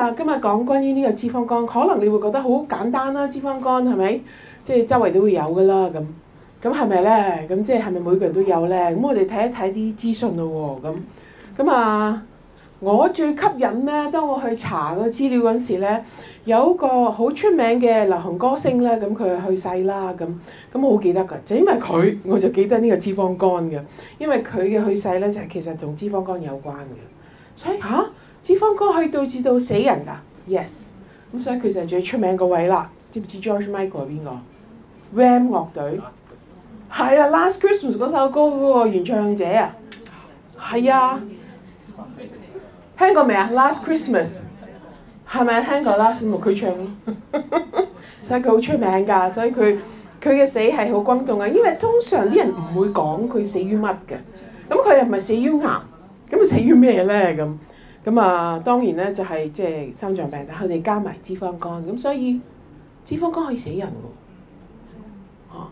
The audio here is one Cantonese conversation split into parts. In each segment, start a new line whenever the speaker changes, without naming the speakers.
啊，今日講關於呢個脂肪肝，可能你會覺得好簡單啦，脂肪肝係咪？即係周圍都會有噶啦，咁咁係咪咧？咁即係係咪每個人都有咧？咁我哋睇一睇啲資訊咯喎，咁咁啊，我最吸引咧，當我去查個資料嗰時咧，有個好出名嘅流行歌星咧，咁佢去世啦，咁咁我好記得噶，就因為佢，我就記得呢個脂肪肝嘅，因為佢嘅去世咧，就係其實同脂肪肝有關嘅，所以嚇。脂肪哥可以導致到死人㗎，yes。咁所以佢就係最出名嗰位啦。知唔知 George Michael 係邊個？Ram 樂隊係啊，的《Last Christmas》嗰首歌嗰個原唱者啊，係啊，聽過未啊？《Last Christmas》係咪聽過啦？佢唱咯，所以佢好出名㗎。所以佢佢嘅死係好轟動啊，因為通常啲人唔會講佢死於乜嘅。咁佢又唔係死於癌，咁佢死於咩咧？咁咁啊，當然咧就係即係心臟病，但係佢哋加埋脂肪肝，咁所以脂肪肝可以死人喎。哦，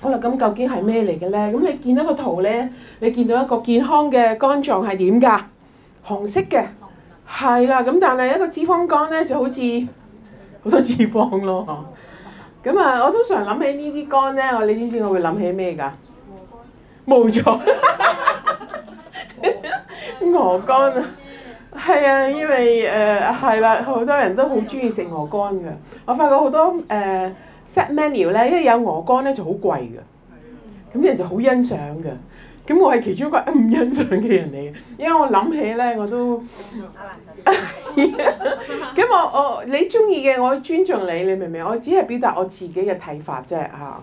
好啦，咁究竟係咩嚟嘅咧？咁你見到個圖咧，你見到一個健康嘅肝臟係點㗎？紅色嘅，係啦。咁但係一個脂肪肝咧，就好似好多脂肪咯。咁啊，我通常諗起呢啲肝咧，我你知唔知我會諗起咩㗎？冇錯。鵝肝啊，係啊，因為誒係啦，好、呃啊、多人都好中意食鵝肝嘅。我發覺好多誒 set、呃、menu 咧，因為有鵝肝咧就好貴嘅。咁人就好欣賞嘅。咁我係其中一個唔欣賞嘅人嚟，因為我諗起咧我都。咁 我我你中意嘅，我尊重你，你明唔明？我只係表達我自己嘅睇法啫吓、啊，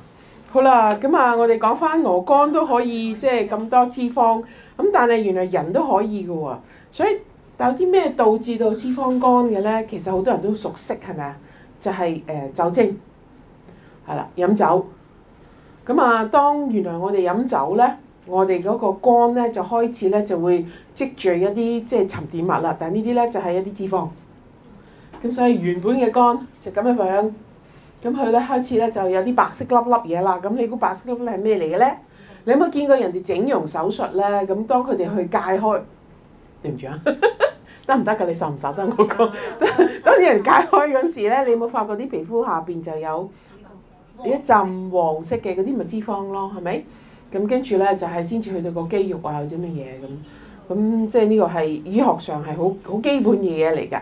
好啦，咁啊，我哋講翻鵝肝都可以，即係咁多脂肪。咁但係原來人都可以嘅喎，所以但有啲咩導致到脂肪肝嘅咧？其實好多人都熟悉係咪啊？就係、是、誒、呃、酒精係啦，飲酒。咁啊，當原來我哋飲酒咧，我哋嗰個肝咧就開始咧就會積聚一啲即係沉澱物啦。但係呢啲咧就係、是、一啲脂肪。咁所以原本嘅肝就咁樣樣，咁佢咧開始咧就有啲白色粒粒嘢啦。咁你估白色粒粒係咩嚟嘅咧？你有冇見過人哋整容手術咧？咁當佢哋去解開，對唔住啊，得唔得㗎？你受唔受得我講？ 當啲人解開嗰時咧，你有冇發覺啲皮膚下邊就有一浸黃色嘅嗰啲咪脂肪咯？係咪？咁跟住咧就係先至去到個肌肉啊，或者乜嘢咁。咁即係呢個係醫學上係好好基本嘢嚟㗎。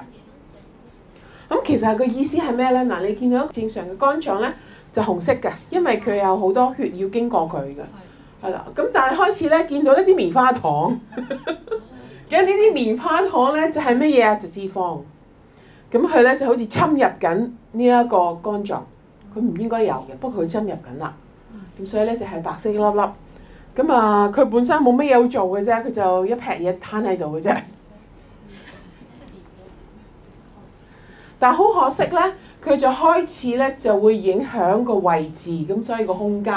咁其實佢意思係咩咧？嗱，你見到正常嘅肝臟咧就紅色㗎，因為佢有好多血要經過佢㗎。係啦，咁但係開始咧，見到一啲棉花糖，咁呢啲棉花糖咧就係乜嘢啊？就是就是、脂肪，咁佢咧就好似侵入緊呢一個肝臟，佢唔應該有嘅，不過佢侵入緊啦。咁所以咧就係白色粒粒，咁啊佢本身冇咩嘢好做嘅啫，佢就一劈嘢攤喺度嘅啫。但係好可惜咧。佢就開始咧就會影響個位置，咁所以個空間，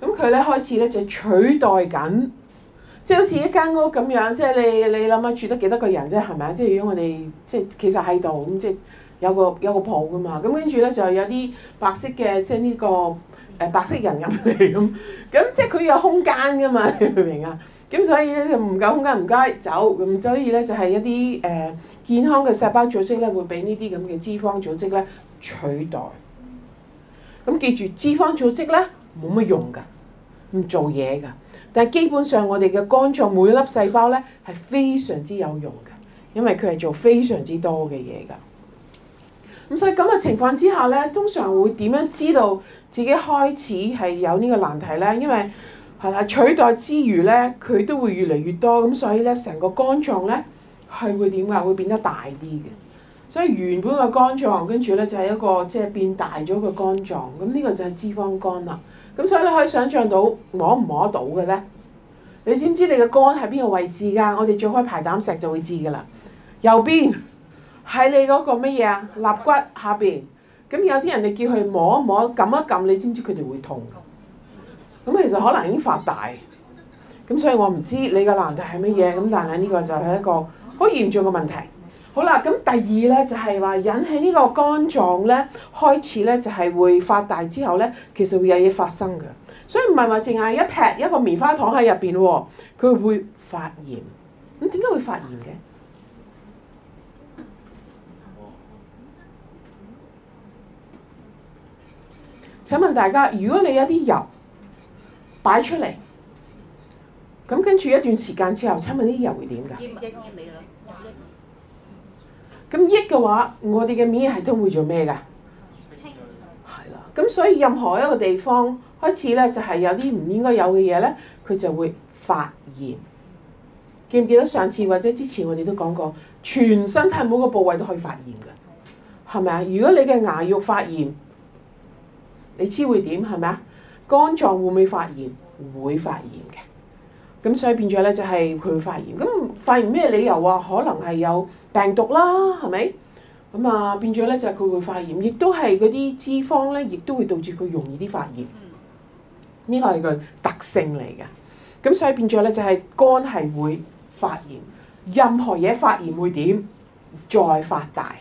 咁佢咧開始咧就取代緊，即係好似一間屋咁樣，即係你你諗下住得幾多個人啫，係咪啊？即係如果我哋即係其實喺度咁，即係有個有個鋪噶嘛，咁跟住咧就有啲白色嘅，即係呢個誒白色人入嚟咁，咁即係佢有空間噶嘛，明唔明啊？咁所以咧就唔夠空間唔該走，咁所以咧就係一啲誒健康嘅細胞組織咧會俾呢啲咁嘅脂肪組織咧。取代，咁記住脂肪組織咧冇乜用㗎，唔做嘢㗎。但係基本上我哋嘅肝臟每一粒細胞咧係非常之有用㗎，因為佢係做非常之多嘅嘢㗎。咁所以咁嘅情況之下咧，通常會點樣知道自己開始係有呢個難題咧？因為係啦，取代之餘咧，佢都會越嚟越多，咁所以咧成個肝臟咧係會點㗎？會變得大啲嘅。所以原本個肝臟，跟住咧就係一個即係、就是、變大咗個肝臟，咁呢個就係脂肪肝啦。咁所以你可以想象到摸唔摸到嘅咧？你知唔知你個肝喺邊個位置㗎？我哋做開排膽石就會知㗎啦。右邊喺你嗰個乜嘢啊？肋骨下邊。咁有啲人你叫佢摸一摸、撳一撳，你知唔知佢哋會痛？咁其實可能已經發大。咁所以我唔知你個難題係乜嘢，咁但係呢、這個就係一個好嚴重嘅問題。好啦，咁第二咧就係話引起呢個肝臟咧開始咧就係會發大之後咧，其實會有嘢發生嘅。所以唔係話淨係一劈一個棉花糖喺入邊喎，佢會發炎。咁點解會發炎嘅？請問大家，如果你有啲油擺出嚟，咁跟住一段時間之後，請問啲油會點㗎？咁益嘅話，我哋嘅免疫系統會做咩噶？係啦清，咁所以任何一個地方開始咧，就係有啲唔應該有嘅嘢咧，佢就會發炎。記唔記得上次或者之前我哋都講過，全身體每個部位都可以發炎嘅，係咪啊？如果你嘅牙肉發炎，你知會點，係咪啊？肝臟會唔會發炎？會發炎嘅。咁所以變咗咧，就係佢發炎。咁發炎咩理由啊？話可能係有病毒啦，係咪？咁啊，變咗咧，就係佢會發炎。亦都係嗰啲脂肪咧，亦都會導致佢容易啲發炎。呢、嗯、個係佢特性嚟嘅。咁所以變咗咧，就係肝係會發炎。任何嘢發炎會點？再發大。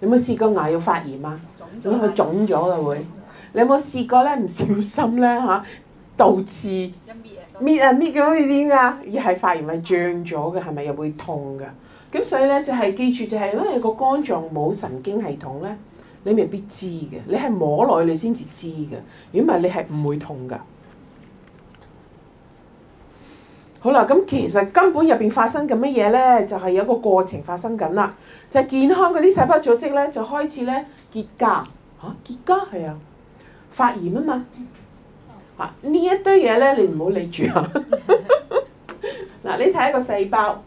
你有冇試過牙要發炎啊？咁佢腫咗了啦會。了你有冇試過咧？唔小心咧吓？導致。搣啊搣咁你點噶？而係發炎咪脹咗嘅，係咪又會痛嘅？咁所以咧就係、是、記住、就是，就係因為個肝臟冇神經系統咧，你未必知嘅，你係摸落去不你先至知嘅。如果唔係你係唔會痛噶。好啦，咁其實根本入邊發生緊乜嘢咧，就係、是、有一個過程發生緊啦。就係、是、健康嗰啲細胞組織咧，就開始咧結痂嚇、啊、結痂係啊發炎啊嘛。嚇呢、啊、一堆嘢咧，你唔好理住嚇、啊。嗱、啊，你睇個細胞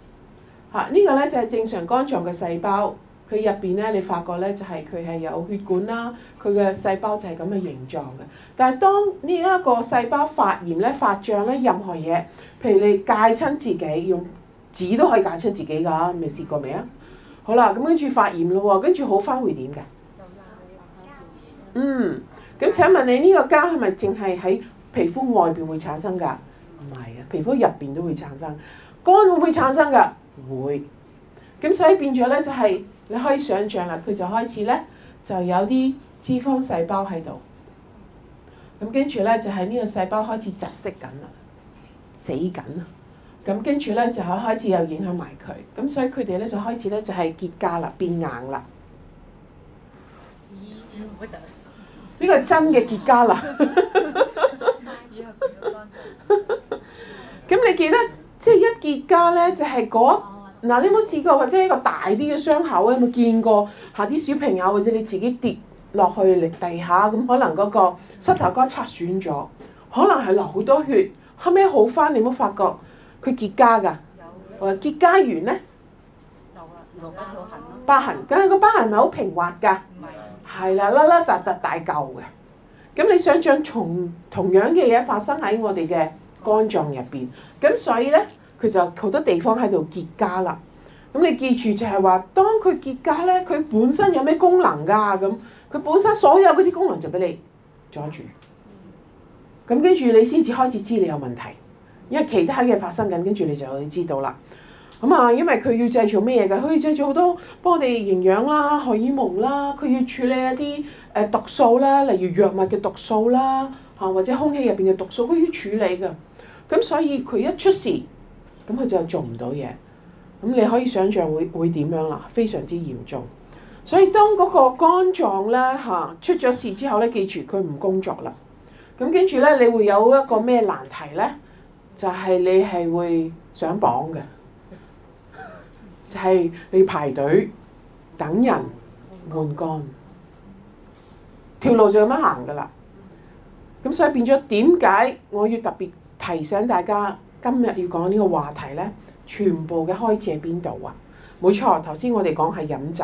嚇，啊這個、呢個咧就係、是、正常肝臟嘅細胞。佢入邊咧，你發覺咧就係佢係有血管啦，佢嘅細胞就係咁嘅形狀嘅。但係當呢一個細胞發炎咧、發脹咧，任何嘢，譬如你戒親自己，用紙都可以戒親自己㗎。你未試過未啊？好啦，咁跟住發炎咯喎，跟住好翻會點㗎？嗯，咁請問你呢、這個膠係咪淨係喺？皮膚外邊會產生㗎？唔係啊，皮膚入邊都會產生，肝會唔會產生㗎？會。咁所以變咗咧，就係你可以想像啦，佢就開始咧就有啲脂肪細胞喺度。咁跟住咧就係呢個細胞開始窒息緊啦，死緊啦。咁跟住咧就開始又影響埋佢，咁所以佢哋咧就開始咧就係結痂啦，變硬啦。呢個係真嘅結痂啦。 咁 你記得，即、就、係、是、一結痂咧，就係嗰嗱，你有冇試過或者一個大啲嘅傷口咧？有冇見過下啲小朋友，或者你自己跌落去力地下咁，可能嗰個膝頭哥擦損咗，嗯、可能係流好多血，後尾好翻，你有冇發覺佢結痂噶？話有結痂完咧，疤痕，但係個疤痕唔係好平滑㗎，係啦，甩甩凸凸大嚿嘅。咁你想像同樣嘅嘢發生喺我哋嘅肝臟入邊，咁所以咧佢就好多地方喺度結痂啦。咁你記住就係話，當佢結痂咧，佢本身有咩功能㗎？咁佢本身所有嗰啲功能就俾你阻住。咁跟住你先至開始知你有問題，因為其他嘢發生緊，跟住你就會知道啦。咁啊，因為佢要製造咩嘢嘅？佢要製造好多幫我哋營養啦、荷爾蒙啦，佢要處理一啲誒毒素啦，例如藥物嘅毒素啦，嚇或者空氣入邊嘅毒素佢要處理嘅。咁所以佢一出事，咁佢就做唔到嘢。咁你可以想象會會點樣啦？非常之嚴重。所以當嗰個肝臟咧嚇出咗事之後咧，記住佢唔工作啦。咁跟住咧，你會有一個咩難題咧？就係、是、你係會上磅嘅。係你排隊等人換肝，條路就咁樣行噶啦。咁所以變咗點解我要特別提醒大家今日要講呢個話題咧？全部嘅開始喺邊度啊？冇錯，頭先我哋講係飲酒。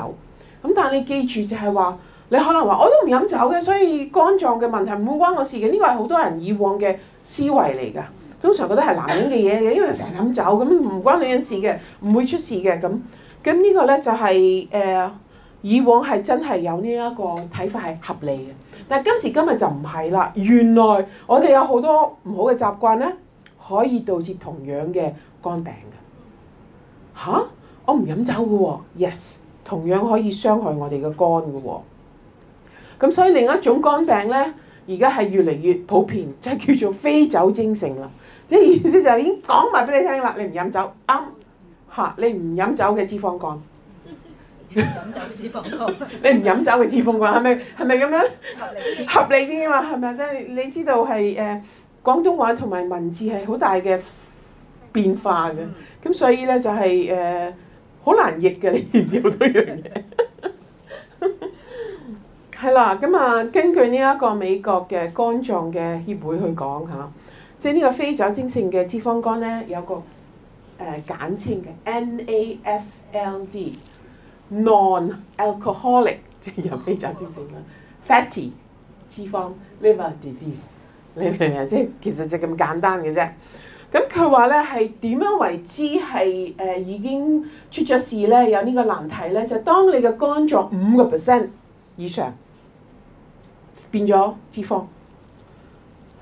咁但係你記住就係話，你可能話我都唔飲酒嘅，所以肝臟嘅問題唔會關我事嘅。呢個係好多人以往嘅思維嚟噶。通常覺得係男人嘅嘢嘅，因為成日飲酒咁唔關女人事嘅，唔會出事嘅咁。咁呢個咧就係、是呃、以往係真係有呢一個睇法係合理嘅，但今時今日就唔係啦。原來我哋有好多唔好嘅習慣咧，可以導致同樣嘅肝病嘅、啊。我唔飲酒嘅喎、哦、，yes，同樣可以傷害我哋嘅肝嘅喎、哦。咁所以另一種肝病咧，而家係越嚟越普遍，即、就係、叫做非酒精性啦。啲意思就已經講埋俾你聽啦，你唔飲酒啱嚇，你唔飲酒嘅脂肪肝，飲酒嘅脂肪肝，你唔飲酒嘅脂肪肝係咪係咪咁樣合理啲嘛？係咪即係？你知道係誒廣東話同埋文字係好大嘅變化嘅，咁所以咧就係誒好難譯嘅，你知唔知好多樣嘢？係啦，咁啊，根據呢一個美國嘅肝臟嘅協會去講嚇。即係呢個非酒精性嘅脂肪肝咧，有一個、呃、簡稱嘅 N.A.F.L.D.，non-alcoholic 即係非酒精性啦，fatty 脂肪 liver disease，你明唔明啫？即其實就咁簡單嘅啫。咁佢話咧係點樣為之係誒已經出咗事咧？有呢個難題咧，就係、當你嘅肝臟五個 percent 以上變咗脂肪。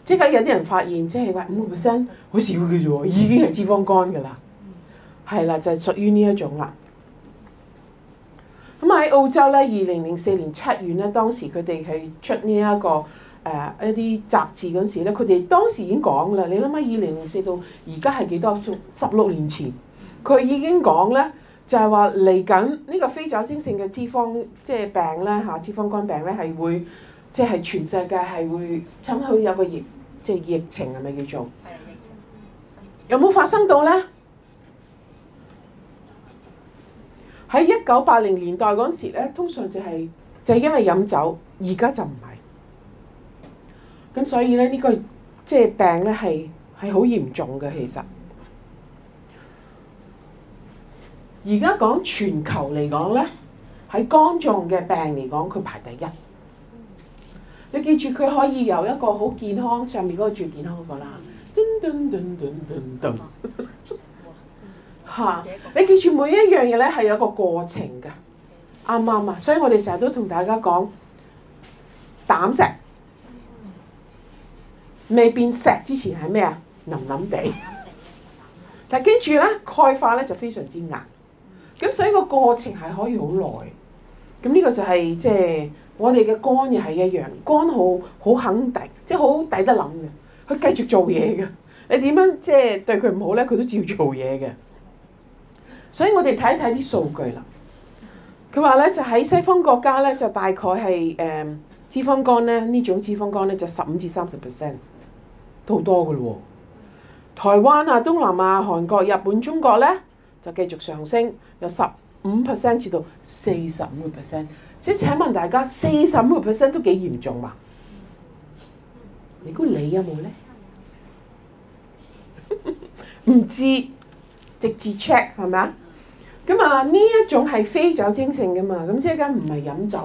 即係有啲人發現，即係話五個 percent 好少嘅啫喎，已經係脂肪肝㗎啦，係啦，就係、是、屬於呢一種啦。咁喺澳洲咧，二零零四年七月咧，當時佢哋係出呢、這個呃、一個誒一啲雜誌嗰時咧，佢哋當時已經講啦，你諗下二零零四到而家係幾多？仲十六年前，佢已經講咧，就係話嚟緊呢個非酒精性嘅脂肪即係、就是、病咧吓，脂肪肝病咧係會即係、就是、全世界係會參考有個疫。即係疫情係咪叫做？有冇發生到呢？喺一九八零年代嗰時咧，通常就係、是、就係、是、因為飲酒，而家就唔係。咁所以咧，呢、這個即係、就是、病咧係係好嚴重嘅。其實而家講全球嚟講咧，喺肝臟嘅病嚟講，佢排第一。你記住佢可以由一個好健康上面嗰個最健康嗰個啦，噔你記住每一樣嘢咧係有一個過程噶，啱唔啱啊？所以我哋成日都同大家講膽石未變石之前係咩啊？腍腍地， 但跟住咧，鈣化咧就非常之硬，咁所以個過程係可以好耐。咁呢個就係即係。就是。我哋嘅肝又係一樣，肝好好肯定，即係好抵得諗嘅，佢繼續做嘢嘅。你點樣即係對佢唔好咧？佢都照做嘢嘅。所以我哋睇一睇啲數據啦。佢話咧就喺西方國家咧就大概係誒、嗯、脂肪肝咧呢種脂肪肝咧就十五至三十 percent 都好多嘅咯喎。台灣啊、東南亞、啊、韓國、日本、中國咧就繼續上升，由十五 percent 至到四十五嘅 percent。即係請問大家四十五個 percent，都幾嚴重，你你有有 check，嘛？你估你有冇咧？唔知直接 check 係咪啊？咁啊呢一種係非酒精性嘅嘛，咁即係唔係飲酒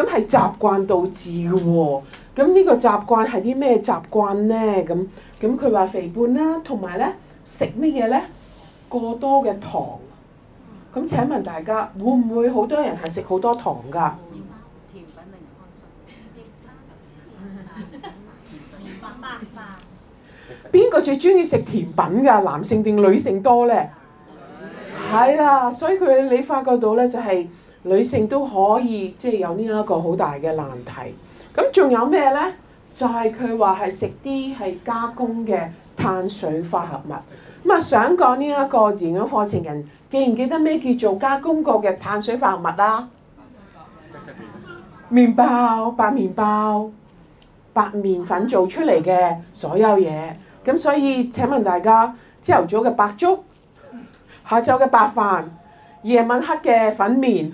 喎？咁係習慣導致嘅喎。咁呢個習慣係啲咩習慣咧？咁咁佢話肥胖啦，同埋咧食乜嘢咧？過多嘅糖。咁請問大家會唔會好多人係食好多糖
㗎？
邊個最中意食甜品㗎？男性定女性多咧？係啦，所以佢你發覺到咧就係女性都可以即係有呢一個好大嘅難題。咁仲有咩咧？就係佢話係食啲係加工嘅碳水化合物，咁啊想講呢一個營養課程人記唔記得咩叫做加工過嘅碳水化合物啊？麵包、白麵包、白麵粉做出嚟嘅所有嘢，咁所以請問大家，朝頭早嘅白粥，下晝嘅白飯，夜晚黑嘅粉麵，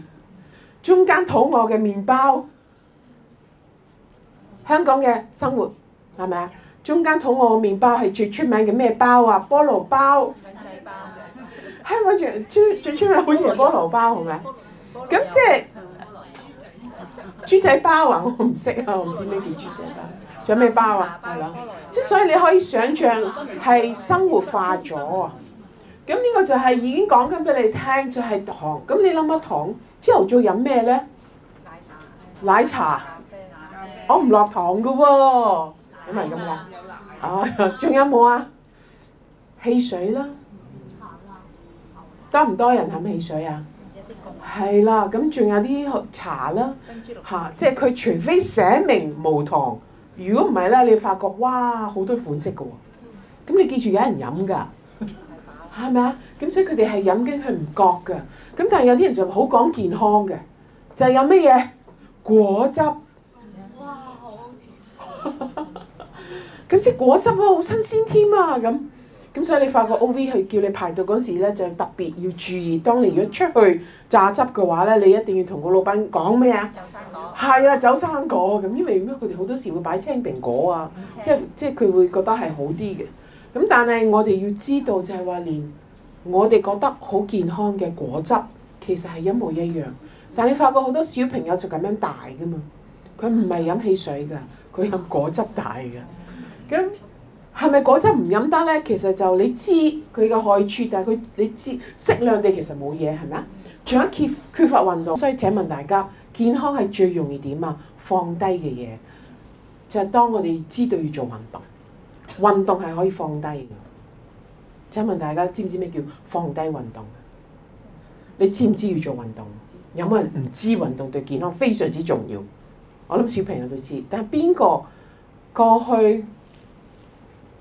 中間肚餓嘅麵包。香港嘅生活係咪啊？中間肚餓嘅麵包係最出名嘅咩包啊？菠蘿包、腸仔包、香港最出名好似係菠蘿包，係咪？咁即係豬仔包啊！我唔識啊，我唔知咩叫豬仔包，仲有咩包啊？係咯，即所以你可以想象係生活化咗啊！咁呢個就係已經講緊俾你聽，就係糖。咁你諗下糖，之後再飲咩咧？奶茶。我唔落糖噶喎，咁咪咁啦。哎呀，仲有冇啊？汽水啦，多唔多人飲汽水啊？係啦、啊，咁仲、啊、有啲茶啦、啊，嚇、啊，即係佢除非寫明無糖，如果唔係咧，你會發覺哇好多款式噶喎。咁你記住，有人飲㗎，係咪啊？咁所以佢哋係飲緊，佢唔覺㗎。咁但係有啲人就好講健康嘅，就係有咩嘢果汁。咁啲果汁喎、啊、好新鮮添啊！咁，咁所以你發覺 O V 去叫你排隊嗰時咧，就特別要注意。當你要出去榨汁嘅話咧，你一定要同個老闆講咩啊？走生果。係啊，走生果咁，因為咩？佢哋好多時會擺青蘋果啊，檳即係即係佢會覺得係好啲嘅。咁但係我哋要知道就係話，連我哋覺得好健康嘅果汁，其實係一模一樣，但係你發覺好多小朋友就咁樣大噶嘛，佢唔係飲汽水㗎，佢飲果汁大㗎。咁係咪果汁唔飲得咧？其實就你知佢嘅害處，但係佢你知適量地其實冇嘢係咪啊？仲有缺缺乏運動，所以請問大家健康係最容易點啊？放低嘅嘢就係、是、當我哋知道要做運動，運動係可以放低嘅。請問大家知唔知咩叫放低運動？你知唔知要做運動？有冇人唔知運動對健康非常之重要？我諗小朋友都知，但係邊個過去？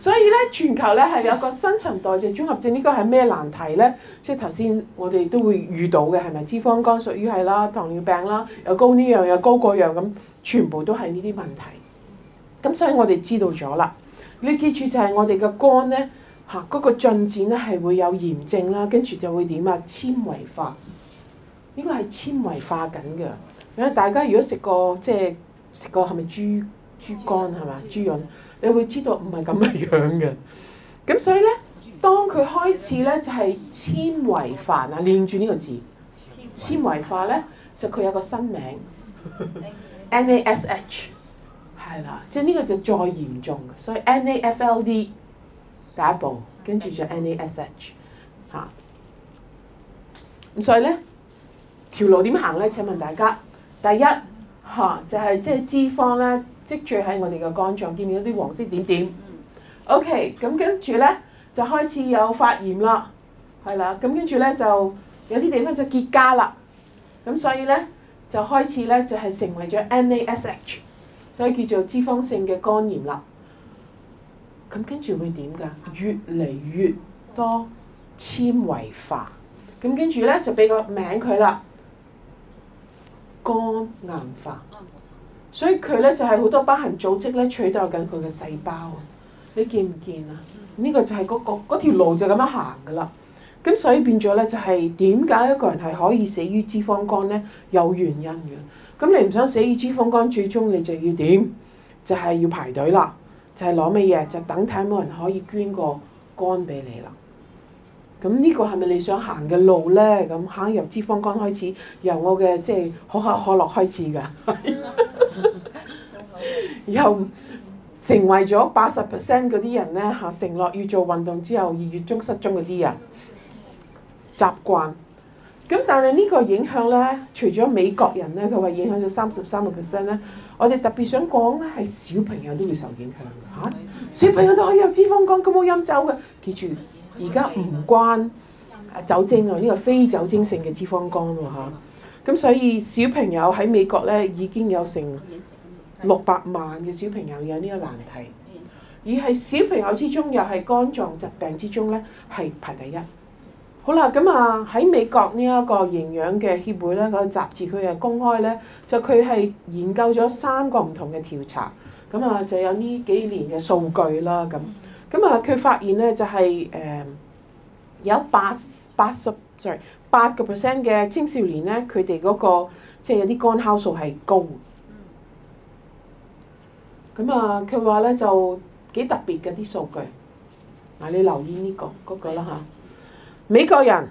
所以咧，全球咧係有個新陳代謝綜合症，呢個係咩難題咧？即係頭先我哋都會遇到嘅，係咪？脂肪肝屬於係啦，糖尿病啦，又高呢樣又高嗰樣咁，全部都係呢啲問題。咁所以我哋知道咗啦，你記住就係我哋嘅肝咧，嚇嗰個進展咧係會有炎症啦，跟住就會點啊？纖維化，應該係纖維化緊嘅。大家如果食過即係食過係咪豬豬肝係咪豬潤？你會知道唔係咁嘅樣嘅，咁所以咧，當佢開始咧就係纖維化啊，念住呢個字，纖維化咧就佢有個新名，NASH，係啦，即係呢個就是再嚴重，所以 NAFLD 第一步，跟住就 NASH 吓、啊。咁所以咧條路點行咧？請問大家，第一吓、啊，就係即係脂肪咧。積聚喺我哋嘅肝臟，見唔見到啲黃色點點？OK，咁跟住咧就開始有發炎啦，係啦，咁跟住咧就有啲地方就結痂啦，咁所以咧就開始咧就係成為咗 NASH，所以叫做脂肪性嘅肝炎啦。咁跟住會點㗎？越嚟越多纖維化，咁跟住咧就俾個名佢啦，肝硬化。所以佢咧就係好多疤痕組織咧取代緊佢嘅細胞啊！你見唔見啊？呢、呢個就係嗰、嗰個條路就咁樣行㗎啦。咁所以變咗咧就係點解一個人係可以死於脂肪肝咧？有原因㗎。咁你唔想死於脂肪肝，最終你就要點？就係、係、要排隊啦，就係攞乜嘢？就等睇冇人可以捐個肝俾你啦。咁呢個係咪你想行嘅路咧？咁嚇由脂肪肝開始，由我嘅即係可口可樂開始㗎，又 成為咗八十 percent 嗰啲人咧，嚇承諾要做運動，之後二月中失蹤嗰啲人習慣。咁但係呢個影響咧，除咗美國人咧，佢話影響咗三十三個 percent 咧。我哋特別想講咧，係小朋友都會受影響。嚇， 小朋友都可以有脂肪肝，佢冇飲酒㗎，記住。而家唔關酒精啊，呢、呢個非酒精性嘅脂肪肝喎。咁、啊、所以小朋友喺美國咧已經有成六百萬嘅小朋友有呢個難題，而係小朋友之中又係肝臟疾病之中咧係排第一。好啦，咁啊喺美國呢一個營養嘅協會咧，嗰個雜誌佢係公開咧，就佢係研究咗三個唔同嘅調查，咁啊就有呢幾年嘅數據啦咁。咁啊，佢發現咧就係誒有八八十，sorry，八個 percent 嘅青少年咧，佢哋嗰個即係有啲肝酵素係高的。咁啊、嗯，佢話咧就幾特別嘅啲數據，嗱你留意呢、這個嗰、那個啦吓，嗯、美國人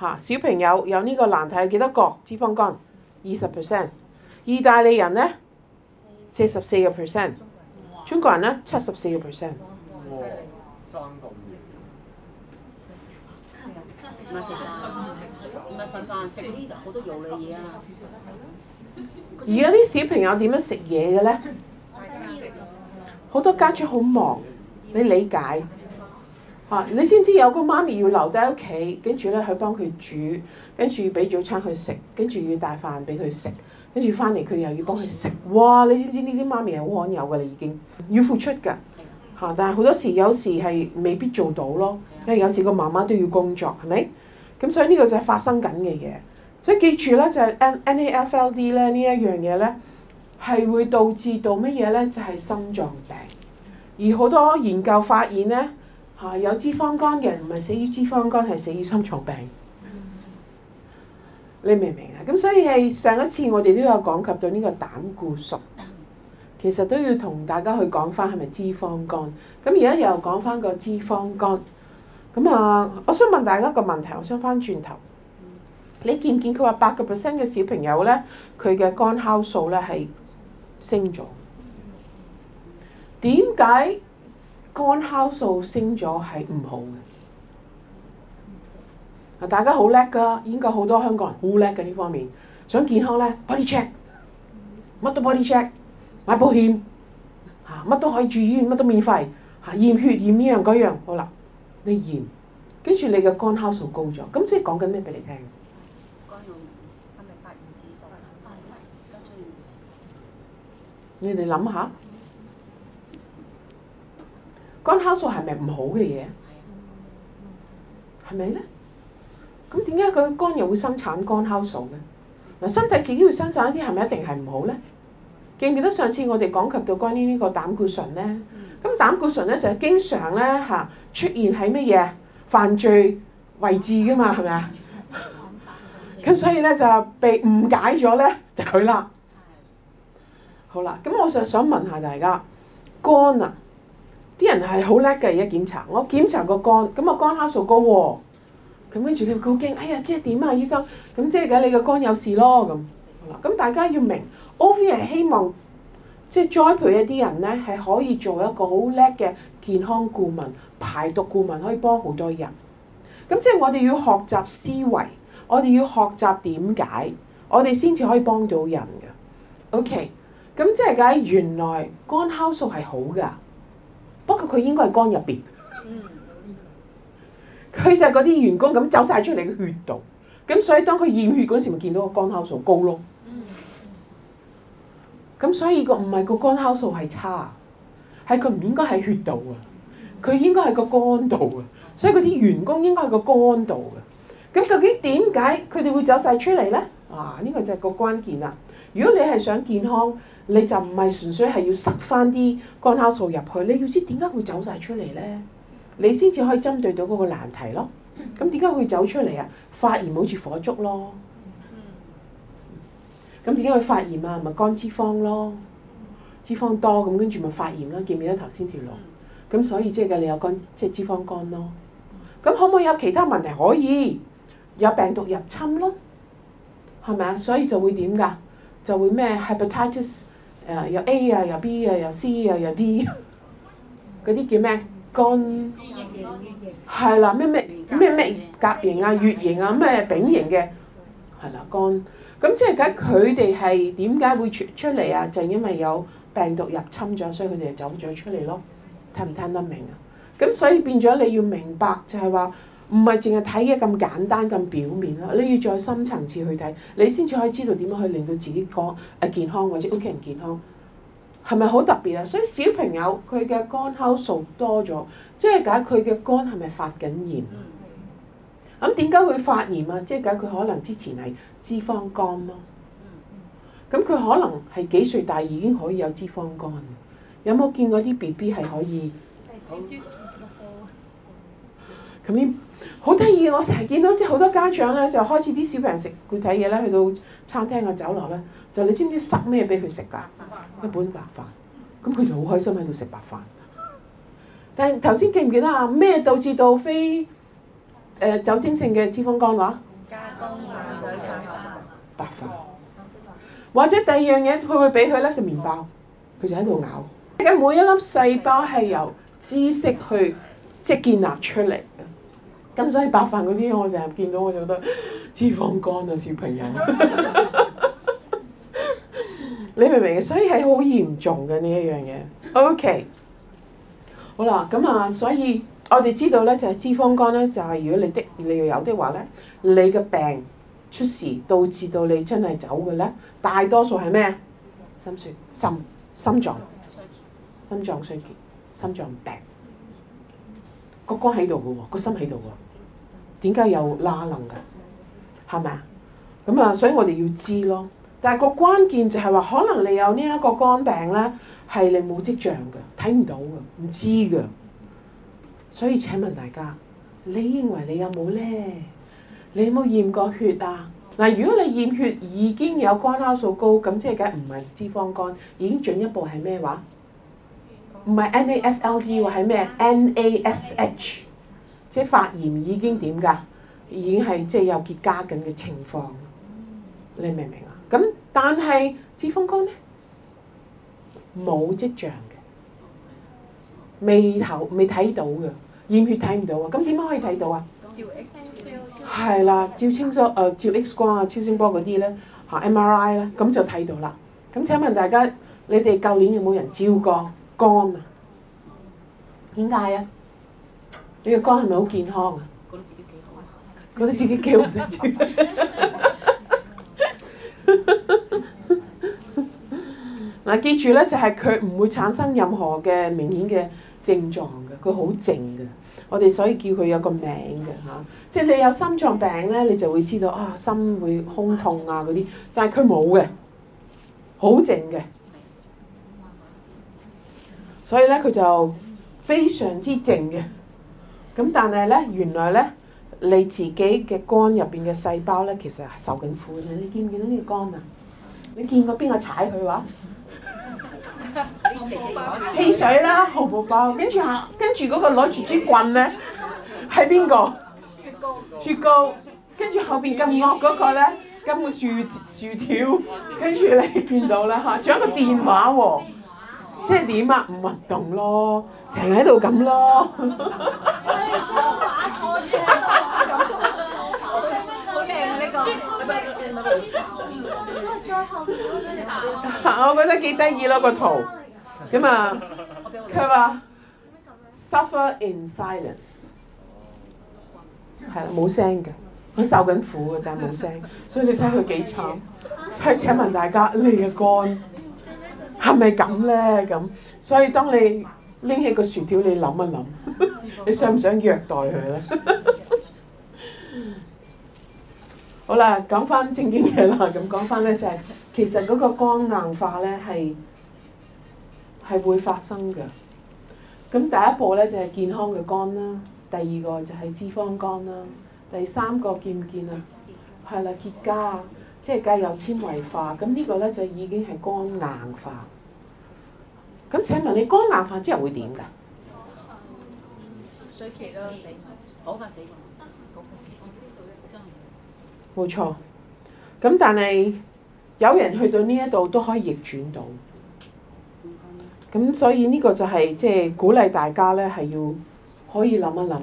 吓，小朋友有呢個難題係幾多個脂肪肝？二十 percent。意大利人咧四十四個 percent。中國人咧七十四個 percent。好多油膩嘢啊！而家啲小朋友點樣食嘢嘅咧？好多家長好忙，你理解嚇、嗯？你知唔知有個媽咪要留低屋企，跟住咧去幫佢煮，跟住俾早餐佢食，跟住要帶飯俾佢食，跟住翻嚟佢又要幫佢食。哇！你知唔知呢啲媽咪係好罕有嘅啦？你已經要付出噶。但係好多時，有時係未必做到咯。因為有時個媽媽都要工作，係咪？咁所以呢個就係發生緊嘅嘢。所以記住咧，就係 NAFLD 咧呢一樣嘢咧，係會導致到乜嘢咧？就係心臟病。而好多研究發現咧，嚇有脂肪肝嘅人唔係死於脂肪肝，係死於心臟病。你明唔明啊？咁所以係上一次我哋都有講及到呢個膽固醇。其實都要同大家去講翻係咪脂肪肝，咁而家又講翻個脂肪肝。咁啊，我想問大家一個問題，我想翻轉頭，你見唔見佢話八個 percent 嘅小朋友咧，佢嘅肝酵素咧係升咗？點解肝酵素升咗係唔好嘅？啊，大家好叻㗎，應該好多香港人好叻嘅呢方面。想健康咧，body check，乜都 body check。買保險嚇，乜都可以住院，乜都免費嚇，驗血驗呢樣嗰樣，好啦，你驗，跟住你嘅肝酵素高咗，咁即係講緊咩俾你聽？肝有係咪發炎滋生？係咪跟住？你哋諗下，肝酵素係咪唔好嘅嘢？係咪咧？咁點解佢肝又會生產肝酵素咧？嗱，身體自己會生產一啲，係咪一定係唔好咧？記唔記得上次我哋講及到關於呢個膽固醇咧？咁膽固醇咧就係經常咧吓，出現喺乜嘢犯罪位置㗎嘛，係咪啊？咁所以咧就被誤解咗咧，就佢啦。好啦，咁我就想問下大家肝啊，啲人係好叻嘅，而家檢查，我檢查個肝，咁啊肝酵素高喎、啊，咁跟住咧佢好驚，哎呀，即係點啊，醫生？咁即係㗎，你個肝有事咯咁。咁大家要明，O.V. 係希望即係、就是、栽培一啲人咧，係可以做一個好叻嘅健康顧問、排毒顧問，可以幫好多人。咁即係我哋要學習思維，我哋要學習點解，我哋先至可以幫到人嘅。O.K.，咁即係解原來肝酵素係好噶，不過佢應該係肝入邊，佢 就係嗰啲員工咁走晒出嚟嘅血道。咁所以當佢驗血嗰時，咪見到個肝酵素高咯。咁所以個唔係個肝酵素係差，係佢唔應該喺血度啊，佢應該喺個肝度啊。所以嗰啲員工應該喺個肝度啊。咁究竟點解佢哋會走晒出嚟咧？啊，呢個就係個關鍵啦。如果你係想健康，你就唔係純粹係要塞翻啲肝酵素入去，你要知點解會走晒出嚟咧，你先至可以針對到嗰個難題咯。咁點解會走出嚟啊？發炎好似火燭咯。咁點解會發炎啊？咪肝脂肪咯，脂肪多咁跟住咪發炎啦。見唔見得頭先條路？咁所以即係嘅你有肝即係脂肪肝咯。咁可唔可以有其他問題？可以有病毒入侵咯，係咪啊？所以就會點㗎？就會咩？hepatitis 誒有 A 啊，有 B 啊，有 C 啊，有 D、啊。嗰 啲叫咩肝？係啦，咩咩咩咩甲型啊、乙型啊、咩丙型嘅。係啦，肝咁即係講佢哋係點解會出出嚟啊？就係、是、因為有病毒入侵咗，所以佢哋就走咗出嚟咯。聽唔聽得明啊？咁所以變咗你要明白就係話，唔係淨係睇嘢咁簡單咁表面咯，你要再深層次去睇，你先至可以知道點樣去令到自己肝誒、啊、健康或者屋企人健康係咪好特別啊？所以小朋友佢嘅肝酵素多咗，即係解佢嘅肝係咪發緊炎？咁點解會發炎啊？即係解佢可能之前係脂肪肝咯。咁佢可能係幾歲大已經可以有脂肪肝，有冇見過啲 B B 係可以很？咁啲好得意嘅，我成日見到即好多家長咧，就開始啲小朋友食佢睇嘢咧，去到餐廳啊、酒樓咧，就你知唔知塞咩俾佢食㗎？ 一碗白飯，咁佢就好開心喺度食白飯。但係頭先記唔記得啊？咩導致到非？誒酒、uh, 精性嘅脂肪肝話，加工
蛋類食物，
白飯飯，或者第二樣嘢，會唔會俾佢咧？就麵包，佢就喺度咬。點解每一粒細胞係由知識去即係、就是、建立出嚟嘅，咁所以白飯嗰啲，我成日見到我就覺得脂肪肝啊小朋友， 你明唔明？所以係好嚴重嘅呢一樣嘢。OK，好啦，咁啊，所以。我哋知道咧，就係、是、脂肪肝咧，就係、是、如果你的你要有的話咧，你嘅病出事導致到你真係走嘅咧，大多數係咩？心衰、心、心臟、心臟衰竭、心臟、心臟病。個肝喺度嘅喎，個心喺度嘅，點解有拉冧㗎？係咪啊？咁啊，所以我哋要知咯。但係個關鍵就係話，可能你有呢一個肝病咧，係你冇跡象嘅，睇唔到嘅，唔知嘅。所以請問大家，你認為你有冇呢？你有冇驗過血啊？嗱，如果你驗血已經有肝酵素高，咁即係梗唔係脂肪肝，已經進一步係咩話？唔係 N A F L D 喎，係咩 N A S H？即係發炎已經點㗎？已經係即係有結痂緊嘅情況，你明唔明啊？咁但係脂肪肝呢？冇跡象。未頭未睇到嘅，驗血睇唔到啊！咁點解可以睇到啊？係啦，照 X 光、誒照 X 光啊、超聲波嗰啲咧，吓 MRI 啦，咁就睇到啦。咁請問大家，你哋舊年有冇人照過肝啊？點解啊？你個肝係咪好健康啊？覺得自己幾好啊？覺得自己幾好先～嗱，記住咧，就係佢唔會產生任何嘅明顯嘅。症狀嘅，佢好靜嘅。靜，我哋所以叫佢有個名嘅吓、啊，即係你有心臟病咧，你就會知道啊，心會胸痛啊嗰啲，但係佢冇嘅，好靜嘅。所以咧，佢就非常之靜嘅。咁但係咧，原來咧，你自己嘅肝入邊嘅細胞咧，其實係受緊苦嘅。你見唔見到呢個肝啊？你見過邊個踩佢話、啊？汽水啦，荷包包，跟住吓，跟住嗰個攞住支棍咧，係邊個？雪
糕。
雪糕。跟住後邊咁惡嗰個咧，咁個薯薯條，跟住你見到啦嚇，仲有一個電話喎，即係點啊？唔運動咯，成日喺度咁咯。
梳化坐車都係咁，好手槍都好勁，呢個。我
覺得幾得意咯個圖，咁啊，佢話 suffer in silence，係啦，冇聲嘅，佢受緊苦嘅，但係冇聲，所以你睇佢幾慘。所以請問大家，你嘅肝係咪咁咧？咁所以當你拎起個薯條，你諗一諗，你想唔想虐待佢咧？好啦，講翻正經嘢啦，咁講翻咧就係，其實嗰個肝硬化咧係係會發生嘅。咁第一步咧就係健康嘅肝啦，第二個就係脂肪肝啦，第三個見唔見啊？係啦，結痂，即係梗係有纖維化，咁呢個咧就已經係肝硬化。咁請問你肝硬化之後會點㗎？衰竭啦，死，好快死。冇錯，咁但係有人去到呢一度都可以逆轉到，咁所以呢個就係即係鼓勵大家咧，係要可以諗一諗。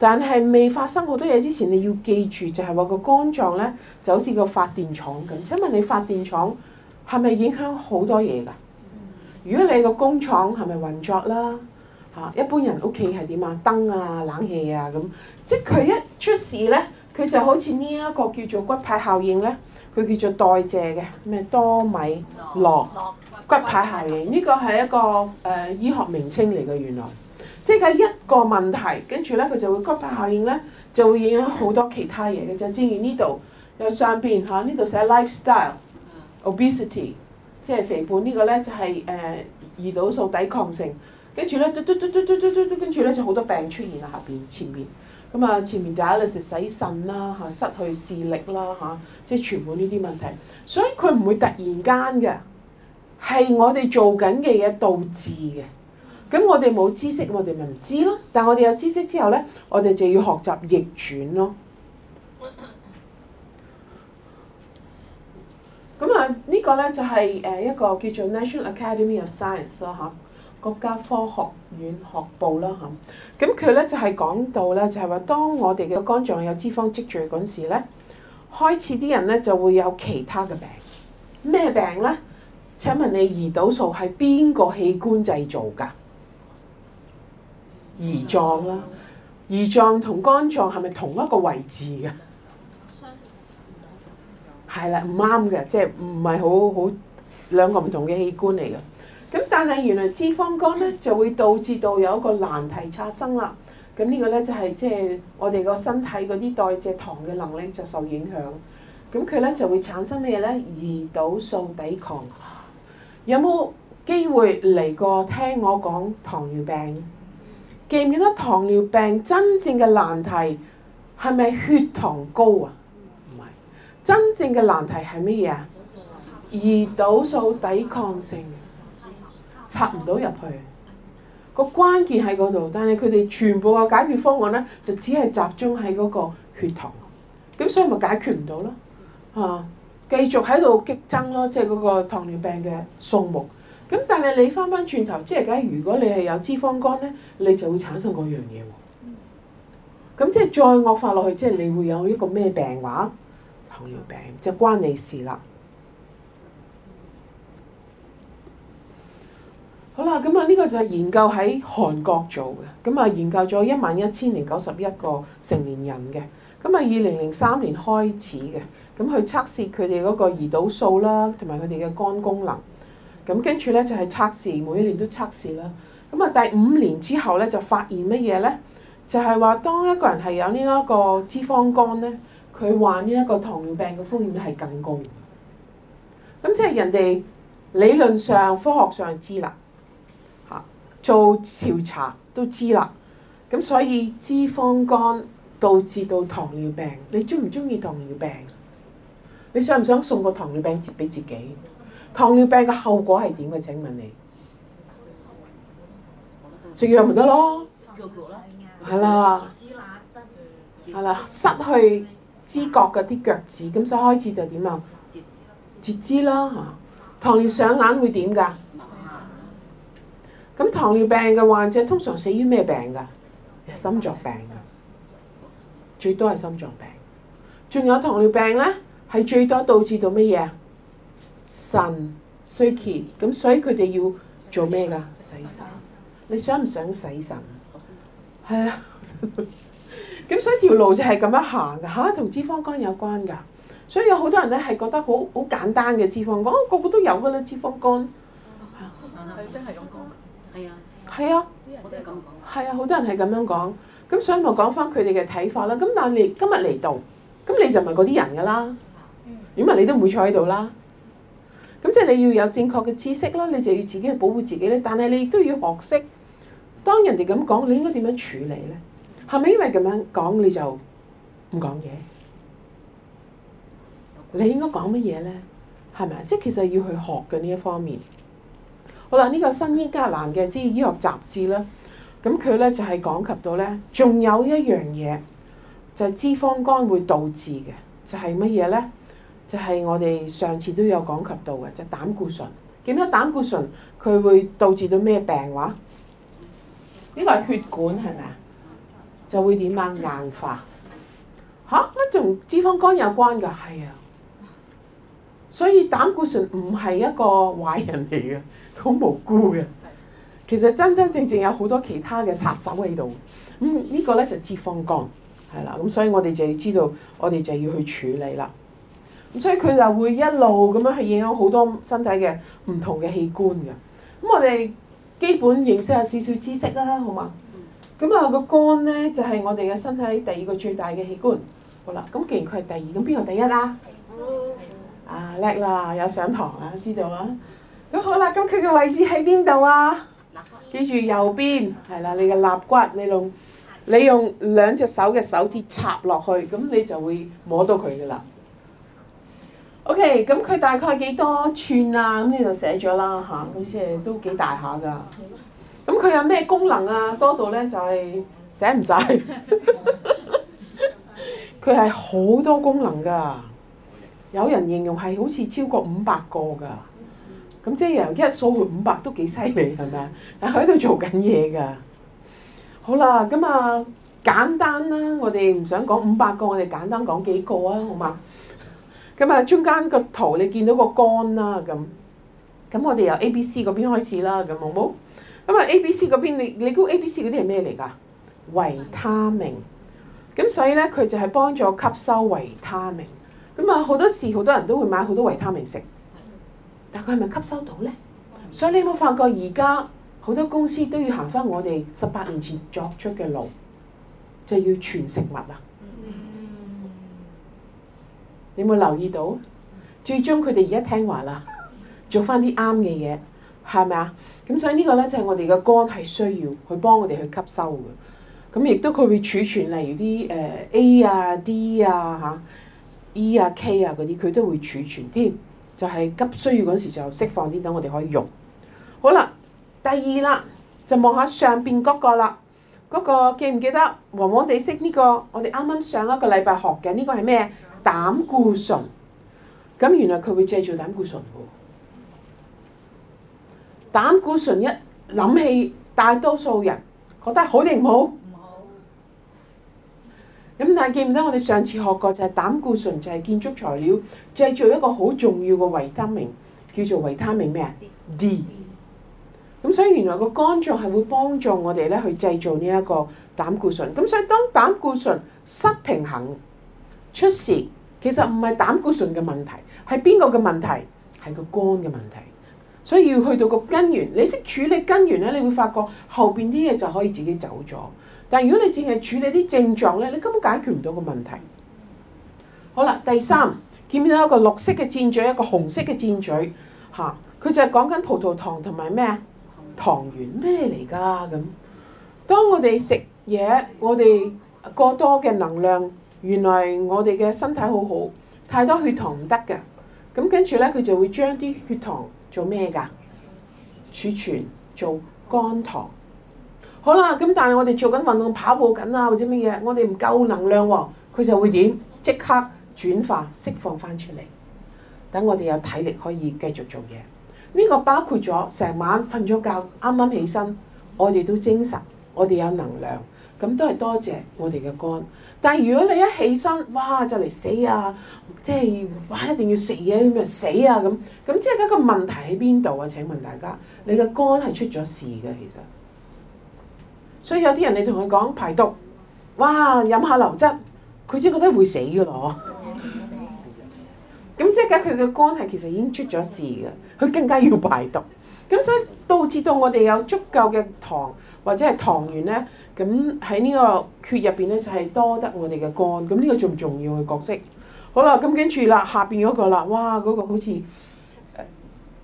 但係未發生好多嘢之前，你要記住就係話個肝臟咧，就好似個發電廠咁。請問你發電廠係咪影響好多嘢㗎？如果你個工廠係咪運作啦？嚇，一般人屋企係點啊？燈啊，冷氣啊，咁即係佢一出事咧。佢就好似呢一個叫做骨牌效應咧，佢叫做代謝嘅咩多米諾骨牌效應，呢個係一個誒醫學名稱嚟嘅原來。即係喺一個問題，跟住咧佢就會骨牌效應咧，就會影響好多其他嘢嘅。就正如呢度，又上邊嚇呢度寫 lifestyle obesity，即係肥胖呢個咧就係誒胰島素抵抗性，跟住咧嘟嘟嘟嘟嘟嘟嘟，跟住咧就好多病出現喺下邊前面。咁啊，前面就喺度食洗腎啦，吓失去視力啦，吓、啊、即係全部呢啲問題。所以佢唔會突然間嘅，係我哋做緊嘅嘢導致嘅。咁我哋冇知識，我哋咪唔知咯。但係我哋有知識之後咧，我哋就要學習逆轉咯。咁啊，這個、呢個咧就係、是、誒一個叫做 National Academy of Science 啊吓。國家科學院學部啦，嚇！咁佢咧就係講到咧，就係話當我哋嘅肝臟有脂肪積聚嗰時咧，開始啲人咧就會有其他嘅病。咩病咧？請問你胰島素係邊個器官製造㗎？胰臟啦，胰臟同肝臟係咪同一個位置㗎？係啦，唔啱嘅，即係唔係好好兩個唔同嘅器官嚟㗎？咁但係原來脂肪肝咧就會導致到有一個難題產生啦。咁呢個咧就係即係我哋個身體嗰啲代謝糖嘅能力就受影響。咁佢咧就會產生咩嘢咧？胰島素抵抗。有冇機會嚟過聽我講糖尿病？記唔記得糖尿病真正嘅難題係咪血糖高啊？唔係，真正嘅難題係咩嘢啊？胰島素抵抗性。插唔到入去，個關鍵喺嗰度，但係佢哋全部嘅解決方案咧，就只係集中喺嗰個血糖，咁所以咪解決唔到咯，嚇，繼續喺度激增咯，即係嗰個糖尿病嘅數目。咁但係你翻翻轉頭，即係咁，如果你係有脂肪肝咧，你就會產生嗰樣嘢喎。咁即係再惡化落去，即係你會有一個咩病話糖尿病，就關你事啦。好啦，咁啊，呢個就係研究喺韓國做嘅，咁啊研究咗一萬一千零九十一個成年人嘅，咁啊二零零三年開始嘅，咁去測試佢哋嗰個胰島素啦，同埋佢哋嘅肝功能，咁跟住咧就係測試每一年都測試啦，咁啊第五年之後咧就發現乜嘢咧？就係話當一個人係有呢一個脂肪肝咧，佢患呢一個糖尿病嘅風險係更高。咁即係人哋理論上、嗯、科學上知啦。做調查都知啦，咁所以脂肪肝導致到糖尿病。你鍾唔鍾意糖尿病？你想唔想送個糖尿病節畀自己？糖尿病嘅後果係點嘅？請問你，
食藥咪得咯？係啦，
係啦，失去知覺嗰啲腳趾，咁所以開始就點啊？截肢啦嚇！
糖尿上眼
會點㗎？咁糖尿病嘅患者通常死於咩病噶？心臟病噶，最多係心臟病。仲有糖尿病咧，係最多導致到乜嘢？腎衰竭。咁所以佢哋要做咩噶？洗腎。你想唔想洗腎？係啊。咁所以條路就係咁樣行㗎吓，同脂肪肝有關㗎。所以有好多人咧係覺得好好簡單嘅脂肪肝，個個都有㗎啦，脂肪肝。係
真係咁講。係啊，係啊，我都係咁
講。係啊，好多人係咁樣講，咁所以我講翻佢哋嘅睇法啦。咁但係你今日嚟到，咁你就唔係嗰啲人㗎啦，點啊？你都唔會坐喺度啦。咁即係你要有正確嘅知識咯，你就要自己去保護自己咧。但係你亦都要學識，當人哋咁講，你應該點樣處理咧？係咪因為咁樣講你就唔講嘢？你應該講乜嘢咧？係咪啊？即係其實要去學嘅呢一方面。好啦，呢、這個《新英格蘭》嘅之醫學雜誌啦，咁佢咧就係、是、講及到咧，仲有一樣嘢就係、是、脂肪肝會導致嘅，就係乜嘢咧？就係、是、我哋上次都有講及到嘅，就是、膽固醇。點解膽固醇佢會導致到咩病話？呢、這個係血管係咪啊？就會點啊？硬化吓？乜、啊、同脂肪肝有關㗎？係啊。所以膽固醇唔係一個壞人嚟嘅，好無辜嘅。其實真真正正有好多其他嘅殺手喺度。咁、嗯這個、呢個咧就是、脂肪肝，係啦。咁所以我哋就要知道，我哋就要去處理啦。咁所以佢就會一路咁樣去影響好多身體嘅唔同嘅器官嘅。咁我哋基本認識一下少少知識啦，好嘛？咁、那、啊個肝咧就係、是、我哋嘅身體第二個最大嘅器官。好啦，咁既然佢係第二，咁邊個第一啊？嗯啊叻啦，有上堂啊，知道啊？咁好啦，咁佢嘅位置喺邊度啊？記住右邊，係啦，你嘅肋骨，你用你用兩隻手嘅手指插落去，咁你就會摸到佢噶啦。OK，咁佢大概幾多寸啊？咁你就寫咗啦吓，咁即係都幾大下㗎。咁佢有咩功能啊？多到咧就係寫唔晒。佢係好多功能㗎。有人形容係好似超過五百個噶，咁即係由一數到五百都幾犀利，係咪？但佢喺度做緊嘢噶。好啦，咁啊簡單啦，我哋唔想講五百個，我哋簡單講幾個啊，好嘛？咁啊中間個圖你見到個肝啦，咁咁我哋由 A、B、C 嗰邊開始啦，咁好冇？好、啊？咁啊 A、B、C 嗰邊你你估 A、B、C 嗰啲係咩嚟㗎？維他命。咁所以咧，佢就係幫助吸收維他命。咁啊，好多時好多人都會買好多維他命食，但佢係咪吸收到咧？所以你有冇發覺而家好多公司都要行翻我哋十八年前作出嘅路，就係要全食物啊！你有冇留意到？最終佢哋而家聽話啦，做翻啲啱嘅嘢，係咪啊？咁所以呢個咧就係我哋嘅肝係需要去幫我哋去吸收嘅，咁亦都佢會儲存例如啲誒 A 啊 D 啊嚇。啊 E 啊 K 啊嗰啲佢都會儲存添，就係、是、急需要嗰時就釋放啲，等我哋可以用。好啦，第二啦，就望下上邊嗰個啦，嗰、那個記唔記得黃黃地色呢個？我哋啱啱上一個禮拜學嘅呢、這個係咩？膽固醇。咁原來佢會借住膽固醇喎。膽固醇一諗起，大多數人覺得好定唔好？咁但係記唔記得我哋上次學過就係膽固醇就係建築材料，製造一個好重要嘅維他命，叫做維他命咩？D。咁 D 所以原來個肝臟係會幫助我哋咧去製造呢一個膽固醇。咁所以當膽固醇失平衡出事，其實唔係膽固醇嘅問題，係邊個嘅問題？係個肝嘅問題。所以要去到個根源，你識處理根源咧，你會發覺後邊啲嘢就可以自己走咗。但如果你淨係處理啲症狀咧，你根本解決唔到個問題。好啦，第三，見唔見到一個綠色嘅箭嘴，一個紅色嘅箭嘴嚇，佢、啊、就係講緊葡萄糖同埋咩啊糖原咩嚟㗎咁。當我哋食嘢，我哋過多嘅能量，原來我哋嘅身體好好，太多血糖唔得嘅。咁跟住咧，佢就會將啲血糖做咩㗎？儲存做肝糖。好啦，咁但係我哋做緊運動跑步緊啊，或者乜嘢，我哋唔夠能量喎，佢就會點即刻轉化釋放翻出嚟，等我哋有體力可以繼續做嘢。呢個包括咗成晚瞓咗覺，啱啱起身，我哋都精神，我哋有能量，咁都係多謝我哋嘅肝。但係如果你一起身，哇就嚟死啊，即係哇一定要食嘢咁啊死啊咁，咁即係一個問題喺邊度啊？我請問大家，你嘅肝係出咗事嘅其實。所以有啲人你同佢講排毒，哇飲下流質，佢先覺得會死噶咯。咁即係佢嘅肝係其實已經出咗事嘅，佢更加要排毒。咁所以導致到我哋有足夠嘅糖或者係糖原咧，咁喺呢個血入邊咧就係多得我哋嘅肝。咁呢個仲重要嘅角色。好啦，咁跟住啦，下邊嗰個啦，哇嗰個好似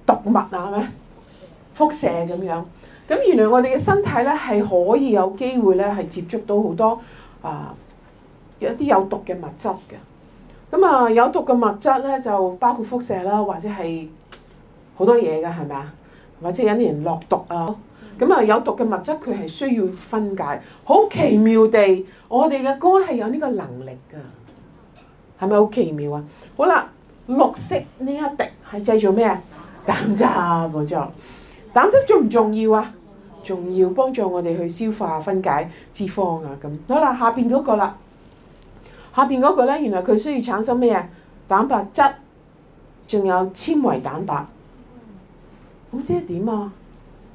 毒物啊咩？輻射咁樣。咁原來我哋嘅身體咧係可以有機會咧係接觸到好多啊有一啲有毒嘅物質嘅，咁啊有毒嘅物質咧就包括輻射啦，或者係好多嘢㗎，係咪啊？或者有啲人落毒啊，咁啊有毒嘅物質佢係需要分解。好奇妙地，我哋嘅肝係有呢個能力㗎，係咪好奇妙啊？好啦，綠色呢一滴係製造咩啊？膽汁，冇錯。膽汁重唔重要啊？仲要，幫助我哋去消化分解脂肪啊咁。好啦，下邊嗰個啦，下邊嗰個咧，原來佢需要產生咩啊？蛋白質，仲有纖維蛋白。咁即係點啊？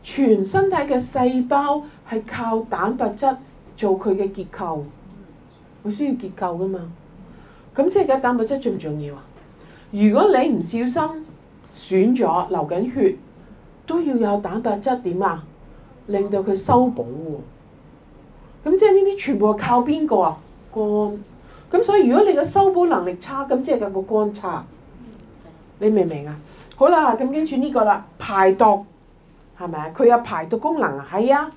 全身體嘅細胞係靠蛋白質做佢嘅結構，佢需要結構噶嘛？咁即係嘅蛋白質重唔重要啊？如果你唔小心損咗流緊血，都要有蛋白質點啊，令到佢修補喎。咁即係呢啲全部係靠邊個啊？肝。咁所以如果你嘅修補能力差，咁即係個肝差。你明唔明啊？好啦，咁跟住呢個啦，排毒係咪啊？佢有排毒功能啊？係啊。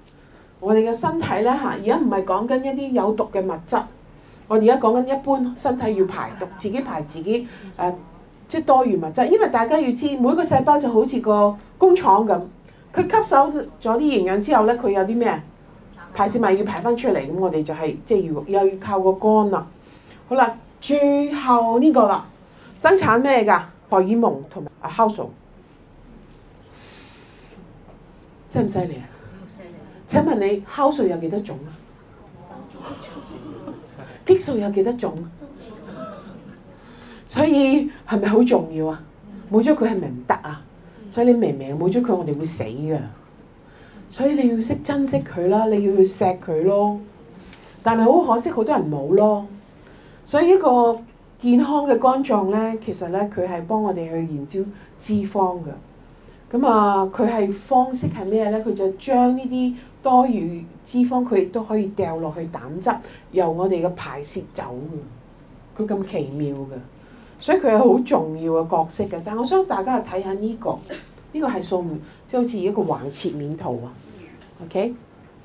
我哋嘅身體咧嚇，而家唔係講緊一啲有毒嘅物質，我哋而家講緊一般身體要排毒，自己排自己誒。啊即多餘物質，因為大家要知每一個細胞就好似個工廠咁，佢吸收咗啲營養之後咧，佢有啲咩排泄物要排翻出嚟，咁我哋就係、是、即係要又要靠個肝啦。好啦，最後呢個啦，生產咩㗎？荷爾蒙同埋酵素，犀唔犀利啊？犀利。請問你酵素有幾多種啊？幾多種？激素有幾多種？所以係咪好重要啊？冇咗佢係咪唔得啊？所以你明唔明？冇咗佢我哋會死㗎。所以你要識珍惜佢啦，你要去錫佢咯。但係好可惜，好多人冇咯。所以呢個健康嘅肝臟咧，其實咧佢係幫我哋去燃燒脂肪㗎。咁啊，佢係方式係咩咧？佢就將呢啲多餘脂肪，佢亦都可以掉落去膽汁，由我哋嘅排泄走嘅。佢咁奇妙嘅。所以佢係好重要嘅角色嘅，但係我想大家睇下呢個，呢個係數目，即係好似一個橫切面圖啊。OK，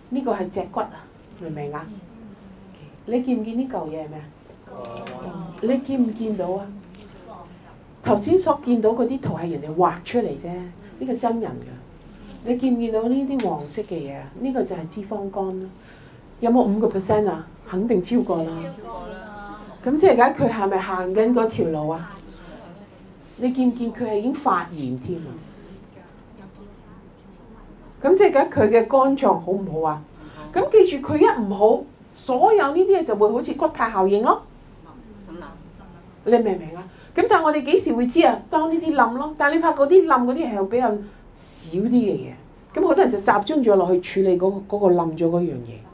呢個係脊骨啊，明唔明啊？你見唔見呢嚿嘢係咩啊？你見唔見到啊？頭先所見到嗰啲圖係人哋畫出嚟啫，呢個真人㗎。你見唔見到呢啲黃色嘅嘢啊？呢個就係脂肪肝啊，有冇五個 percent 啊？肯定超過啦。咁即係而家佢係咪行緊嗰條路啊？你見唔見佢係已經發炎添啊？咁即係而家佢嘅肝臟好唔好啊？咁記住佢一唔好，所有呢啲嘢就會好似骨牌效應咯。你明唔明啊？咁但係我哋幾時會知啊？當呢啲冧咯。但係你發覺啲冧嗰啲係比較少啲嘅嘢。咁好多人就集中咗落去處理嗰、嗰、嗰個冧咗嗰樣嘢。嗰個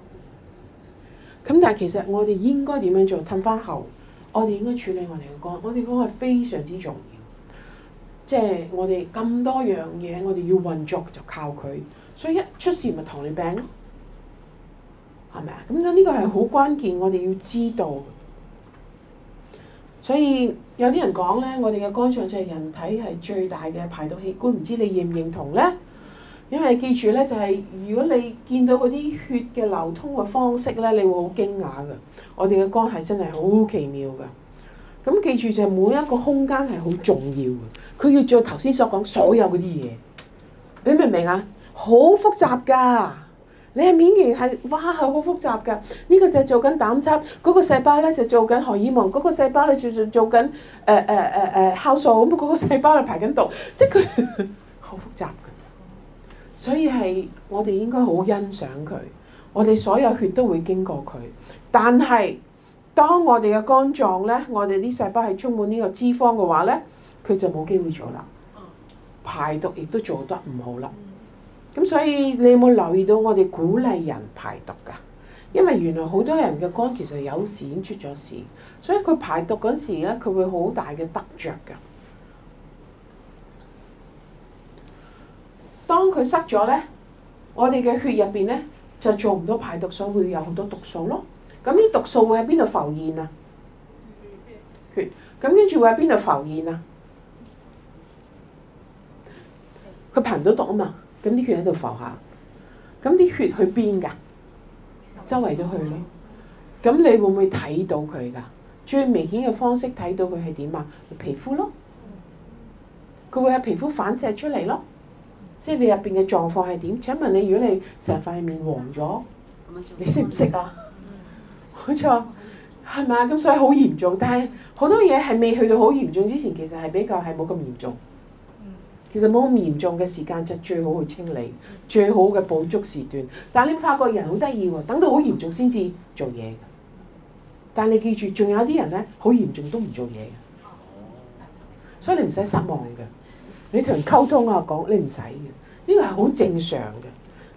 咁但係其實我哋應該點樣做？褪翻後，我哋應該處理我哋嘅肝。我哋肝係非常之重要，即係我哋咁多樣嘢，我哋要運作就靠佢。所以一出事咪糖尿病咯，係咪啊？咁呢個係好關鍵，我哋要知道。所以有啲人講咧，我哋嘅肝臟就係人體係最大嘅排毒器官，唔知你認唔認同咧？因為記住咧，就係、是、如果你見到嗰啲血嘅流通嘅方式咧，你會好驚訝㗎。我哋嘅肝係真係好奇妙㗎。咁記住就係每一個空間係好重要嘅，佢要做頭先所講所有嗰啲嘢。你明唔明啊？好複雜㗎。你係免疫係，哇係好複雜㗎。呢、這個就是做緊膽汁，嗰、那個細胞咧就是、做緊荷爾蒙，嗰、那個細胞咧就是、做做做緊誒誒誒酵素，咁、那、嗰個細胞又排緊毒，即係佢好複雜的。所以係我哋應該好欣賞佢，我哋所有血都會經過佢。但係當我哋嘅肝臟呢，我哋啲細胞係充滿呢個脂肪嘅話呢，佢就冇機會做啦。排毒亦都做得唔好啦。咁所以你有冇留意到我哋鼓勵人排毒㗎？因為原來好多人嘅肝其實有時已經出咗事，所以佢排毒嗰時呢，佢會好大嘅得着㗎。佢塞咗咧，我哋嘅血入邊咧就做唔到排毒，所以會有好多毒素咯。咁啲毒素會喺邊度浮現啊？血，咁跟住會喺邊度浮現啊？佢排唔到毒啊嘛，咁啲血喺度浮下，咁啲血去邊噶？周圍都去咯。咁你會唔會睇到佢噶？最明顯嘅方式睇到佢係點啊？皮膚咯，佢會喺皮膚反射出嚟咯。即係你入邊嘅狀況係點？請問你，如果你成塊面黃咗，你識唔識啊？冇錯，係咪啊？咁所以好嚴重，但係好多嘢係未去到好嚴重之前，其實係比較係冇咁嚴重。其實冇咁嚴重嘅時間就最好去清理，最好嘅補足時段。但係你發覺人好得意喎，等到好嚴重先至做嘢。但係你記住，仲有啲人咧好嚴重都唔做嘢嘅，所以你唔使失望嘅。你同人溝通啊，講你唔使嘅，呢個係好正常嘅。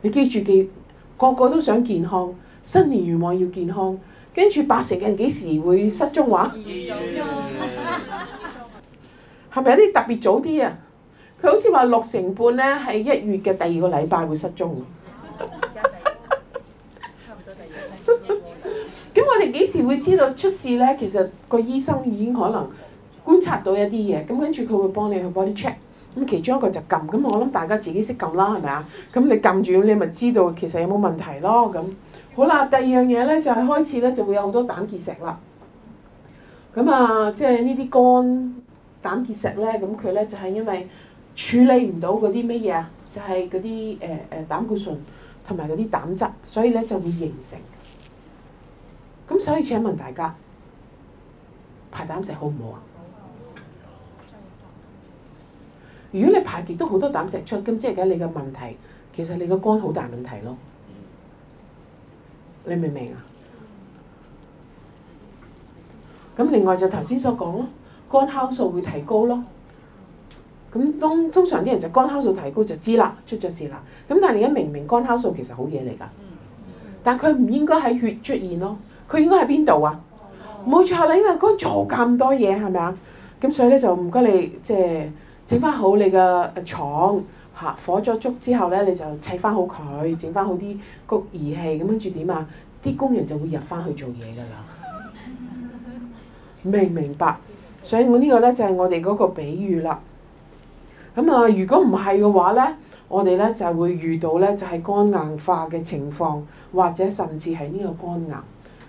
你記住記，個個都想健康，新年願望要健康。跟住八成嘅人幾時會失蹤話，啊？二早
鐘
係咪有啲特別早啲啊？佢好似話六成半咧，係一月嘅第二個禮拜會失蹤，啊。咁 我哋幾時會知道出事咧？其實個醫生已經可能觀察到一啲嘢，咁跟住佢會幫你去幫啲 check。咁其中一個就撳，咁我諗大家自己識撳啦，係咪啊？咁你撳住，你咪知道其實有冇問題咯。咁好啦，第二樣嘢咧就係開始咧就會有好多膽結石啦。咁啊，即係呢啲肝膽結石咧，咁佢咧就係因為處理唔到嗰啲乜嘢啊，就係嗰啲誒誒膽固醇同埋嗰啲膽汁，所以咧就會形成。咁所以請問大家排膽石好唔好啊？如果你排極都好多膽石出，咁即係嘅你嘅問題，其實你個肝好大問題咯。你明唔明啊？咁另外就頭先所講咯，肝酵素會提高咯。咁當通常啲人就肝酵素提高就知啦，出咗事啦。咁但係你而家明明肝酵素其實好嘢嚟㗎，但佢唔應該喺血出現咯，佢應該喺邊度啊？冇、哦、錯啦，因為肝做咁多嘢係咪啊？咁所以咧就唔該你即係。整翻好你嘅廠嚇，火咗燭之後咧，你就砌翻好佢，整翻好啲個儀器，咁跟住點啊？啲工人就會入翻去做嘢噶啦，明唔 明白？所以呢、就是、我呢個咧就係我哋嗰個比喻啦。咁啊，如果唔係嘅話咧，我哋咧就係會遇到咧就係、是、肝硬化嘅情況，或者甚至係呢個肝癌。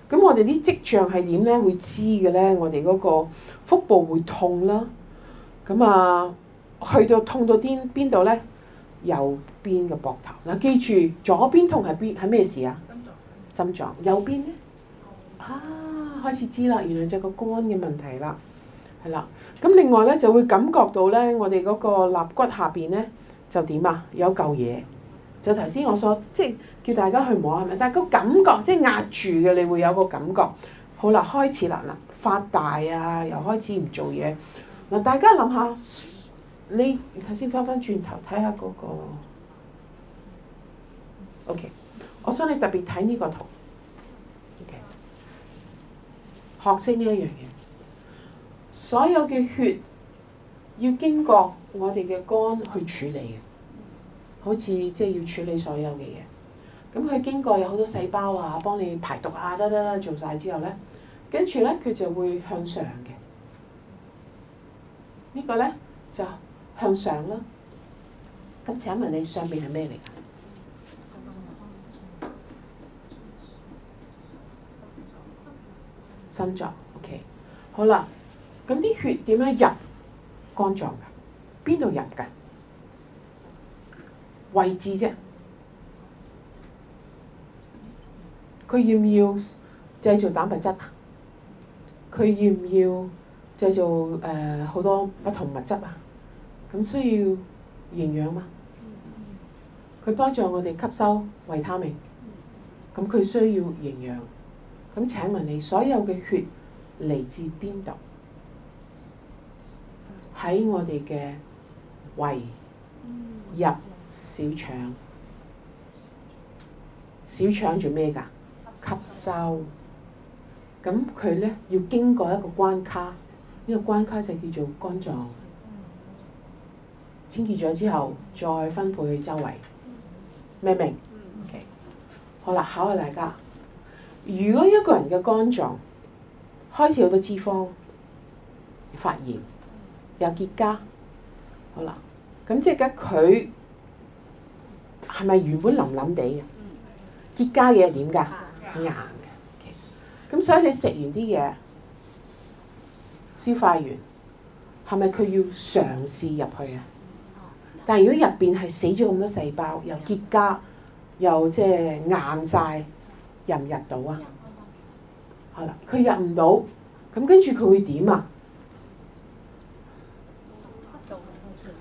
咁我哋啲跡象係點咧？會知嘅咧，我哋嗰個腹部會痛啦。咁啊～去到痛到邊邊度咧？右邊嘅膊頭嗱，記住左邊痛係邊係咩事啊？心臟。心臟右邊咧，啊開始知啦，原來就個肝嘅問題啦，係啦。咁另外咧就會感覺到咧，我哋嗰個肋骨下邊咧就點啊？有嚿嘢。就頭先我所即係叫大家去摸係咪？但係個感覺即係壓住嘅，你會有個感覺。好啦，開始啦嗱發大啊，又開始唔做嘢。嗱，大家諗下。你頭先翻翻轉頭睇下嗰個，OK，我想你特別睇呢個圖，OK，學識呢一樣嘢，所有嘅血要經過我哋嘅肝去處理嘅，好似即係要處理所有嘅嘢。咁佢經過有好多細胞啊，幫你排毒啊，得得得，做晒之後咧，跟住咧佢就會向上嘅。這個、呢個咧？向上咯，咁請問你上邊係咩嚟？心臟，OK，好啦，咁啲血點樣入肝臟㗎？邊度入㗎？位置啫，佢要唔要製造蛋白質啊？佢要唔要製造誒好多不同物質啊？咁需要營養嗎？佢幫助我哋吸收維他命，咁佢需要營養。咁請問你所有嘅血嚟自邊度？喺我哋嘅胃，入小腸，小腸做咩㗎？吸收。咁佢咧要經過一個關卡，呢個關卡就叫做肝臟。清潔咗之後，再分配去周圍，明唔明？嗯、好啦，考下大家。如果一個人嘅肝臟開始好多脂肪發現、發炎、又結痂，好啦，咁即係佢係咪原本腍腍地嘅？嗯、結痂嘅嘢係點㗎？硬嘅。咁所以你食完啲嘢，消化完，係咪佢要嘗試入去啊？但係如果入邊係死咗咁多細胞，又結痂，又即係硬晒，入唔入到啊？係啦，佢入唔到，咁跟住佢會點啊？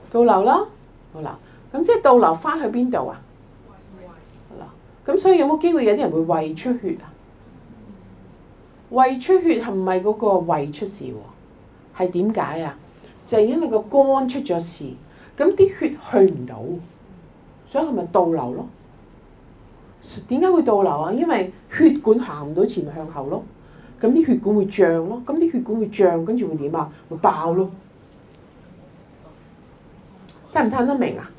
倒流啦，好啦，咁即係倒流翻去邊度啊？入入好啦，咁所以有冇機會有啲人會胃出血啊？胃出血係唔係嗰個胃出事喎？係點解啊？就係因為個肝出咗事。咁啲血去唔到，所以佢咪倒流咯？點解會倒流啊？因為血管行唔到前，向後咯。咁啲血管會脹咯，咁啲血管會脹，跟住會點啊？會爆咯。聽唔聽得明啊？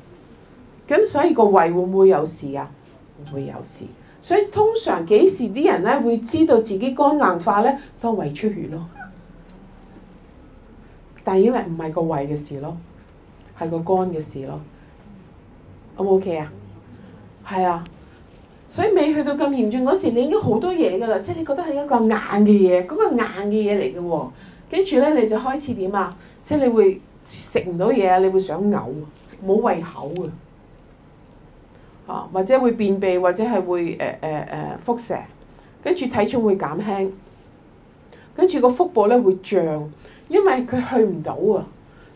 咁所以個胃會唔會有事啊？會唔會有事？所以通常幾時啲人咧會知道自己肝硬化咧，都胃出血咯。但係因為唔係個胃嘅事咯。係個肝嘅事咯，O 唔 OK 啊？係啊，所以未去到咁嚴重嗰時，你已經好多嘢噶啦，即你覺得係一個硬嘅嘢，嗰個硬嘅嘢嚟嘅喎。跟住咧，你就開始點啊？即係你會食唔到嘢啊，你會想嘔，冇胃口啊，啊或者會便秘，或者係會誒誒誒腹瀉，跟住體重會減輕，跟住個腹部咧會脹，因為佢去唔到啊。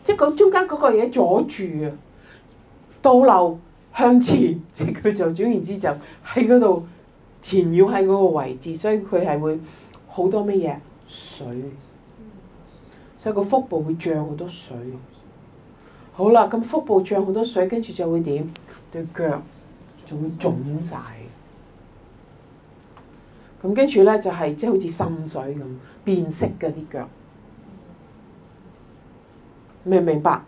即係咁中間嗰個嘢阻住啊，倒流向前，即係佢就總言之就喺嗰度纏繞喺嗰個位置，所以佢係會好多乜嘢水，所以個腹部會脹好多水。好啦，咁腹部脹好多水，跟住就會點？對腳就會腫晒。咁跟住咧就係即係好似滲水咁變色嘅啲腳。明唔明白？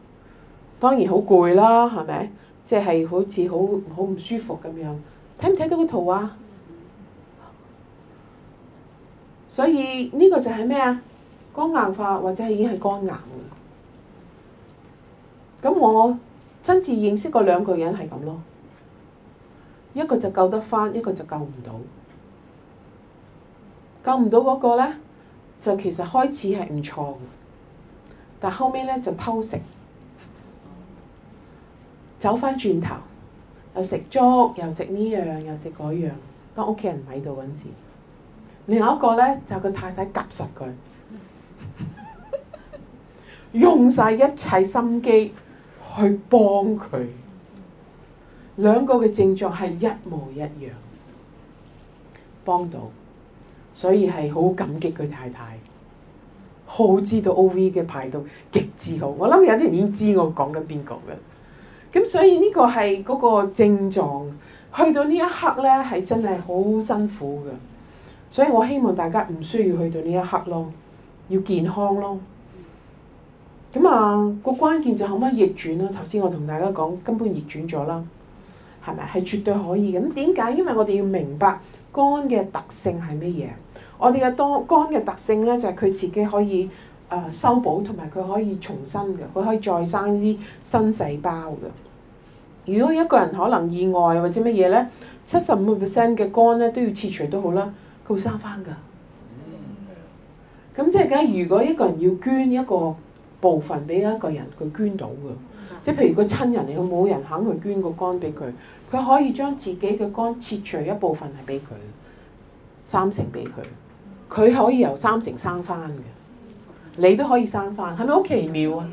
當然很、就是、好攰啦，係咪？即係好似好好唔舒服咁樣。睇唔睇到個圖啊？所以呢、這個就係咩啊？肝硬化或者已經係肝癌。咁我親自認識過兩個人係咁咯。一個就救得返，一個就救唔到。救唔到嗰個咧，就其實開始係唔錯嘅。但後尾咧就偷食，走翻轉頭又食粥，又食呢樣，又食嗰樣。當屋企人喺度嗰陣時，另一個咧就係個太太夾實佢，用晒一切心機去幫佢。兩個嘅症狀係一模一樣，幫到，所以係好感激佢太太。好知道 O V 嘅排毒極之好，我諗有啲人已經知我講緊邊個嘅。咁所以呢個係嗰個症狀，去到呢一刻咧係真係好辛苦嘅。所以我希望大家唔需要去到呢一刻咯，要健康咯。咁啊，個關鍵就可唔可以逆轉啦，啊？頭先我同大家講根本逆轉咗啦，係咪？係絕對可以。咁點解？因為我哋要明白肝嘅特性係乜嘢。我哋嘅多肝嘅特性咧，就係佢自己可以誒修補，同埋佢可以重生嘅，佢可以再生啲新細胞嘅。如果一個人可能意外或者乜嘢咧，七十五個 percent 嘅肝咧都要切除都好啦，佢會生翻㗎。咁即係嘅，如果一個人要捐一個部分俾一個人，佢捐到㗎。即係譬如個親人嚟，佢冇人肯去捐個肝俾佢，佢可以將自己嘅肝切除一部分係俾佢，三成俾佢。佢可以由三成生翻嘅，你都可以生翻，係咪好奇妙啊？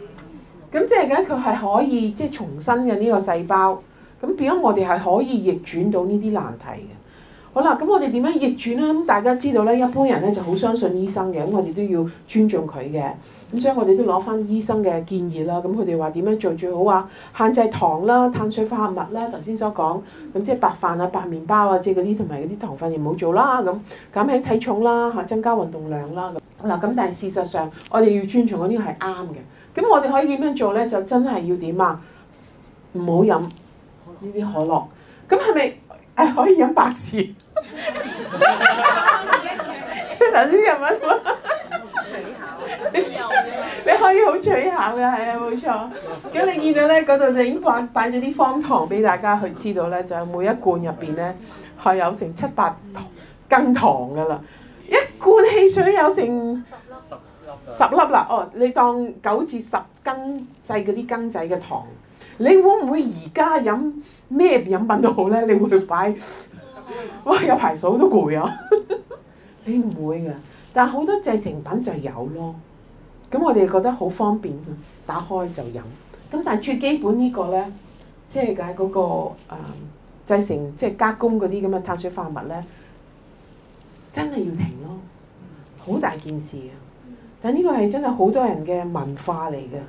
咁即係咧，佢係可以即係重新嘅呢個細胞，咁變咗我哋係可以逆轉到呢啲難題嘅。好啦，咁我哋點樣逆轉咧？咁大家知道咧，一般人咧就好相信醫生嘅，咁我哋都要尊重佢嘅。咁所以，我哋都攞翻醫生嘅建議啦。咁佢哋話點樣做最好啊？限制糖啦、碳水化合物啦，頭先所講。咁即係白飯啊、白麵包啊，即係嗰啲同埋嗰啲糖分唔好做啦。咁減輕體重啦，嚇增加運動量啦。咁咁但係事實上，我哋要尊重嗰啲係啱嘅。咁我哋可以點樣做咧？就真係要點啊？唔好飲呢啲可樂。咁係咪誒可以飲白水？頭先飲乜？ 你， 你可以好取巧噶，係啊，冇錯。咁 你見到咧，嗰度就已經擺擺咗啲方糖俾大家去知道咧，就每一罐入邊咧係有成七八羹糖噶啦、嗯。一罐汽水有成十粒，十粒啦。哦，你當九至十羹製嗰啲羹仔嘅糖，你會唔會而家飲咩飲品都好咧？你會唔會擺？哇！有排數都攰啊！ 你唔會嘅，但係好多製成品就有咯。咁我哋覺得好方便，打開就飲。咁但係最基本這個呢個咧，即係解嗰個誒、呃、製成，即係加工嗰啲咁嘅碳水化合物咧，真係要停咯，好大件事啊！但係呢個係真係好多人嘅文化嚟嘅，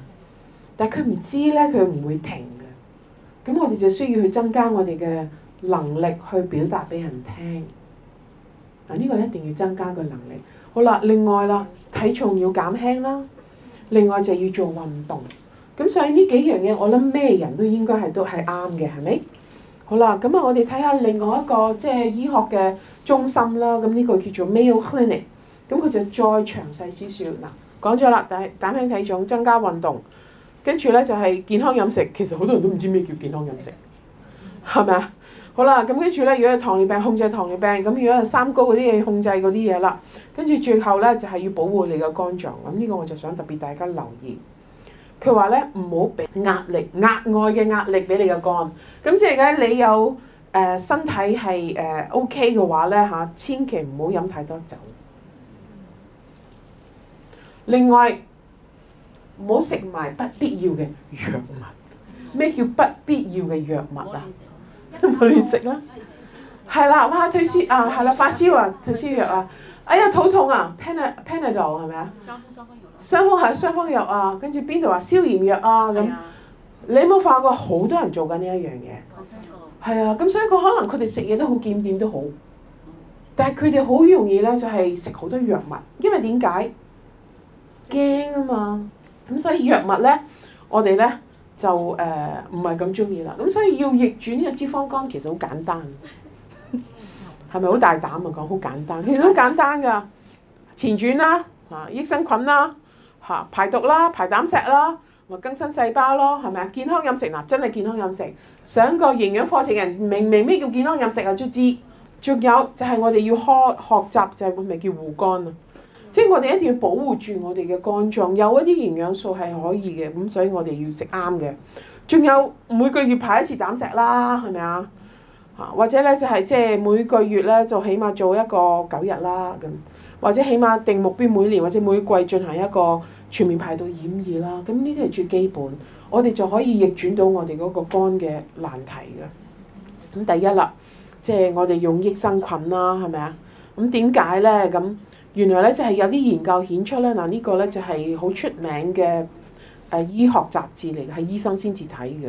但係佢唔知咧，佢唔會停嘅。咁我哋就需要去增加我哋嘅能力去表達俾人聽，嗱、啊、呢、這個一定要增加個能力。好啦，另外啦，體重要減輕啦，另外就要做運動。咁所以呢幾樣嘢，我諗咩人都應該係都係啱嘅，係咪？好啦，咁啊，我哋睇下另外一個即係、就是、醫學嘅中心啦。咁呢個叫做 Mayo Clinic。咁佢就再詳細少少嗱，講咗啦，就係減輕體重、增加運動，跟住咧就係、是、健康飲食。其實好多人都唔知咩叫健康飲食。係咪啊？好啦，咁跟住咧，如果係糖尿病，控制糖尿病，咁如果係三高嗰啲嘢，控制嗰啲嘢啦，跟住最後咧就係、是、要保護你個肝臟。咁、這、呢個我就想特別大家留意。佢話咧唔好俾壓力，額外嘅壓力俾你個肝。咁即係咧，你有誒身體係誒 OK 嘅話咧嚇，千祈唔好飲太多酒。另外，唔好食埋不必要嘅藥物。咩 叫不必要嘅藥物啊？冇亂食啦，係啦，哇！退燒啊，係啦，發燒啊，退燒藥啊，哎呀，肚痛啊，pana，panadol 係咪啊？傷風，傷風
藥，
傷風係傷風藥啊，跟住邊度話消炎藥啊咁？你有冇發覺好多人做緊呢一樣嘢？抗
生
素。係啊，咁所以佢可能佢哋食嘢都好檢點都好，但係佢哋好容易咧就係食好多藥物，因為點解？驚啊嘛！咁所以藥物咧，我哋咧。就誒唔係咁中意啦，咁、呃、所以要逆轉呢個脂肪肝其實好簡單。係咪好大膽啊講好簡單？其實好簡單㗎，前轉啦，嚇益生菌啦，嚇排毒啦，排膽石啦，咪更新細胞咯，係咪啊？健康飲食啦，真係健康飲食，上個營養課程嘅人明明咩叫健康飲食啊都知道，就知，仲有就係我哋要學學習就係咩叫護肝啊。即係我哋一定要保護住我哋嘅肝臟，有一啲營養素係可以嘅，咁、嗯、所以我哋要食啱嘅。仲有每個月排一次膽石啦，係咪啊？嚇，或者咧就係、是、即係每個月咧就起碼做一個九日啦，咁或者起碼定目標每年或者每季進行一個全面排毒檢驗啦。咁呢啲係最基本，我哋就可以逆轉到我哋嗰個肝嘅難題嘅。咁第一啦，即係我哋用益生菌啦，係咪啊？咁點解咧？咁原來咧就係有啲研究顯出咧，嗱呢個咧就係好出名嘅誒醫學雜誌嚟嘅，係醫生先至睇嘅。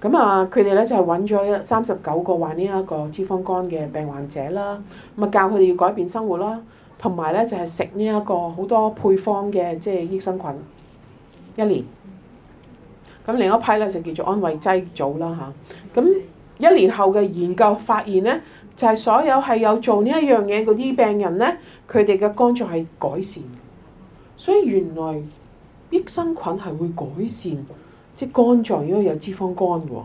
咁啊，佢哋咧就係揾咗三十九個患呢一個脂肪肝嘅病患者啦，咪教佢哋要改變生活啦，同埋咧就係食呢一個好多配方嘅即係益生菌，一年。咁另一批咧就叫做安慰劑組啦吓，咁一年後嘅研究發現咧，就係所有係有做呢一樣嘢嗰啲病人咧，佢哋嘅肝臟係改善嘅，所以原來益生菌係會改善即係肝臟，應該有脂肪肝喎。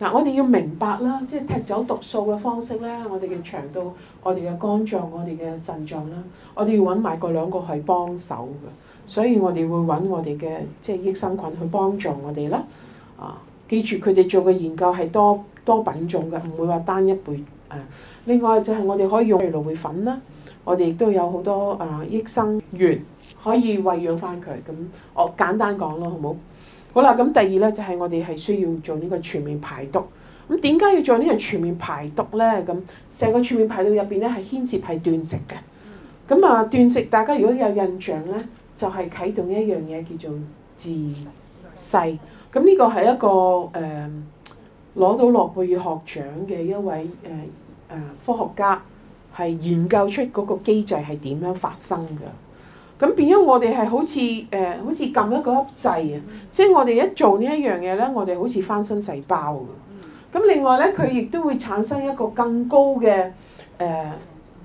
嗱、啊，我哋要明白啦，即係踢走毒素嘅方式咧，我哋嘅腸道、我哋嘅肝臟、我哋嘅腎臟啦，我哋要揾埋嗰兩個係幫手嘅，所以我哋會揾我哋嘅即係益生菌去幫助我哋啦，啊。記住佢哋做嘅研究係多多品種嘅，唔會話單一輩啊。另外就係我哋可以用譬如蘆薈粉啦，我哋亦都有好多啊益生元可以餵養翻佢。咁我簡單講咯，好唔好？好啦，咁第二咧就係、是、我哋係需要做呢個全面排毒。咁點解要做呢樣全面排毒咧？咁成個全面排毒入邊咧係牽涉係斷食嘅。咁啊斷食，大家如果有印象咧，就係、是、啟動一樣嘢叫做自噬咁呢個係一個誒攞、呃、到諾貝爾學獎嘅一位誒誒、呃啊、科學家，係研究出嗰個機制係點樣發生嘅。咁變咗我哋係好似誒、呃、好似撳一個粒掣啊，即係、嗯、我哋一做這呢一樣嘢咧，我哋好似翻新細胞啊。咁另外咧，佢亦都會產生一個更高嘅誒，即、呃、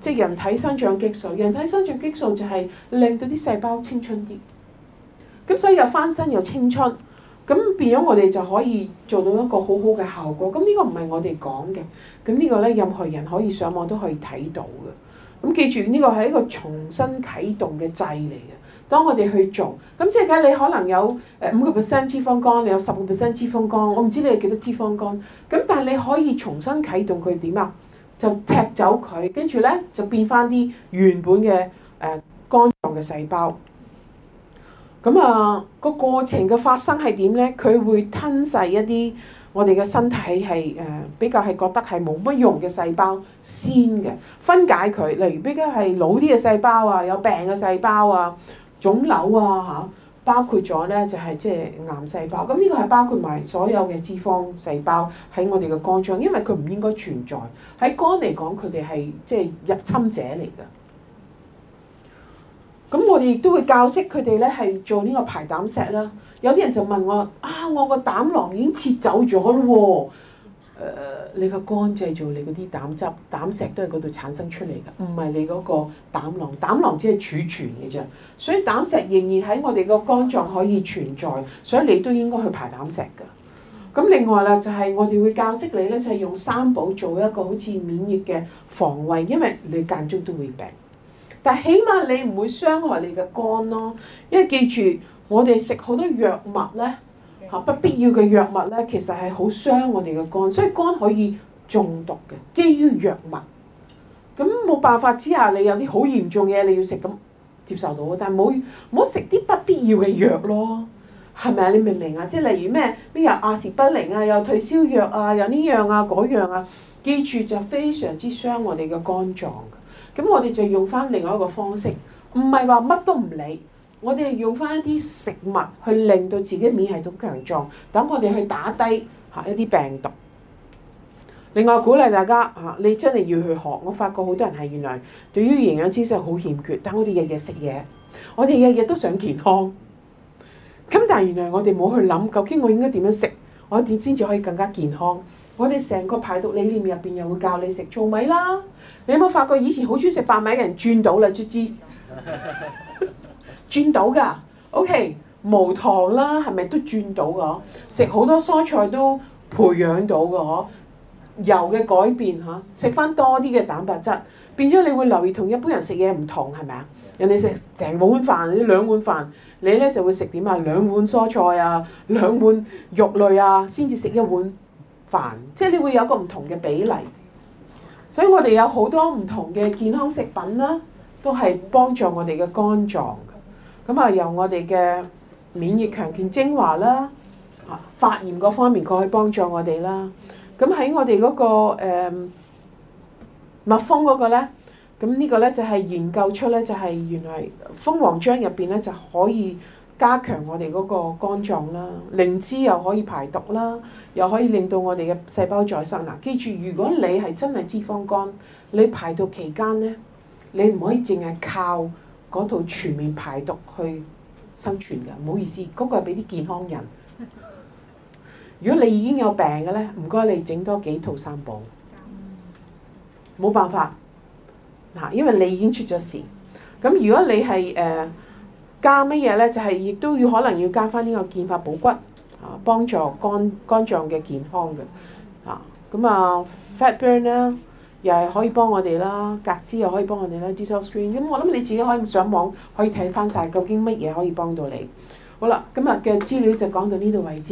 係、就是、人體生長激素。人體生長激素就係令到啲細胞青春啲。咁所以又翻身又青春。咁變咗我哋就可以做到一個好好嘅效果。咁呢個唔係我哋講嘅，咁呢個咧任何人可以上網都可以睇到嘅。咁記住呢個係一個重新啟動嘅掣嚟嘅。當我哋去做，咁即係咧你可能有誒五個 percent 脂肪肝，你有十個 percent 脂肪肝，我唔知你有幾多脂肪肝。咁但係你可以重新啟動佢點啊？就踢走佢，跟住咧就變翻啲原本嘅誒、呃、肝臟嘅細胞。咁啊，個過程嘅發生係點咧？佢會吞噬一啲我哋嘅身體係誒比較係覺得係冇乜用嘅細胞先嘅分解佢，例如比較係老啲嘅細胞啊、有病嘅細胞啊、腫瘤啊嚇，包括咗咧就係即係癌細胞。咁呢個係包括埋所有嘅脂肪細胞喺我哋嘅肝臟，因為佢唔應該存在喺肝嚟講，佢哋係即係入侵者嚟㗎。咁我哋亦都會教識佢哋咧，係做呢個排膽石啦。有啲人就問我：啊，我個膽囊已經切走咗咯喎！你個肝製造你嗰啲膽汁、膽石都係嗰度產生出嚟噶，唔係你嗰個膽囊。膽囊只係儲存嘅啫，所以膽石仍然喺我哋個肝臟可以存在，所以你都應該去排膽石噶。咁另外啦，就係我哋會教識你咧，就係用三寶做一個好似免疫嘅防衛，因為你間中都會病。但起碼你唔會傷害你嘅肝咯，因為記住我哋食好多藥物咧，嚇不必要嘅藥物咧，其實係好傷我哋嘅肝，所以肝可以中毒嘅，基於藥物。咁冇辦法之下，你有啲好嚴重嘢，你要食咁接受到，但係冇冇食啲不必要嘅藥咯，係咪啊？你明唔明啊？即係例如咩咩又阿士匹靈啊，又退燒藥啊，有呢樣啊嗰樣啊，記住就非常之傷我哋嘅肝臟。咁我哋就用翻另外一個方式，唔係話乜都唔理，我哋用翻一啲食物去令到自己免疫系統強壯，等我哋去打低嚇一啲病毒。另外鼓勵大家嚇，你真係要去學。我發覺好多人係原來對於營養知識好欠缺，但我哋日日食嘢，我哋日日都想健康。咁但係原來我哋冇去諗，究竟我應該點樣食，我點先至可以更加健康。我哋成個排毒理念入邊又會教你食糙米啦。你有冇發覺以前好中意食白米嘅人轉到啦？卒之轉 到㗎。O.K. 無糖啦，係咪都轉到㗎？食好多蔬菜都培養到㗎？油嘅改變，呵，食翻多啲嘅蛋白質，變咗，你會留意同一般人食嘢唔同係咪啊？人哋食成碗飯，兩碗飯，你咧就會食點啊？兩碗蔬菜啊，兩碗肉類啊，先至食一碗。即係你會有個唔同嘅比例，所以我哋有好多唔同嘅健康食品啦，都係幫助我哋嘅肝臟。咁啊，由我哋嘅免疫強健精華啦，發炎各方面過去幫助我哋啦。咁喺我哋嗰、那個、嗯、蜜蜂嗰、那個咧，咁、這、呢個咧就係研究出咧，就係、是、原來蜂王漿入邊咧就可以。加強我哋嗰個肝臟啦，靈芝又可以排毒啦，又可以令到我哋嘅細胞再生。嗱，記住，如果你係真係脂肪肝，你排毒期間咧，你唔可以淨係靠嗰套全面排毒去生存㗎。唔好意思，嗰個係俾啲健康人。如果你已經有病嘅咧，唔該你整多幾套三寶，冇辦法。嗱，因為你已經出咗事。咁如果你係誒？呃加乜嘢咧？就係、是、亦都要可能要加翻呢個健髮補骨，啊幫助肝肝臟嘅健康嘅，啊咁啊 fat burn 咧，又係可以幫我哋啦，格子又可以幫我哋啦，detail screen 咁、嗯、我諗你自己可以上網可以睇翻晒究竟乜嘢可以幫到你。好啦，今日嘅資料就講到呢度為止。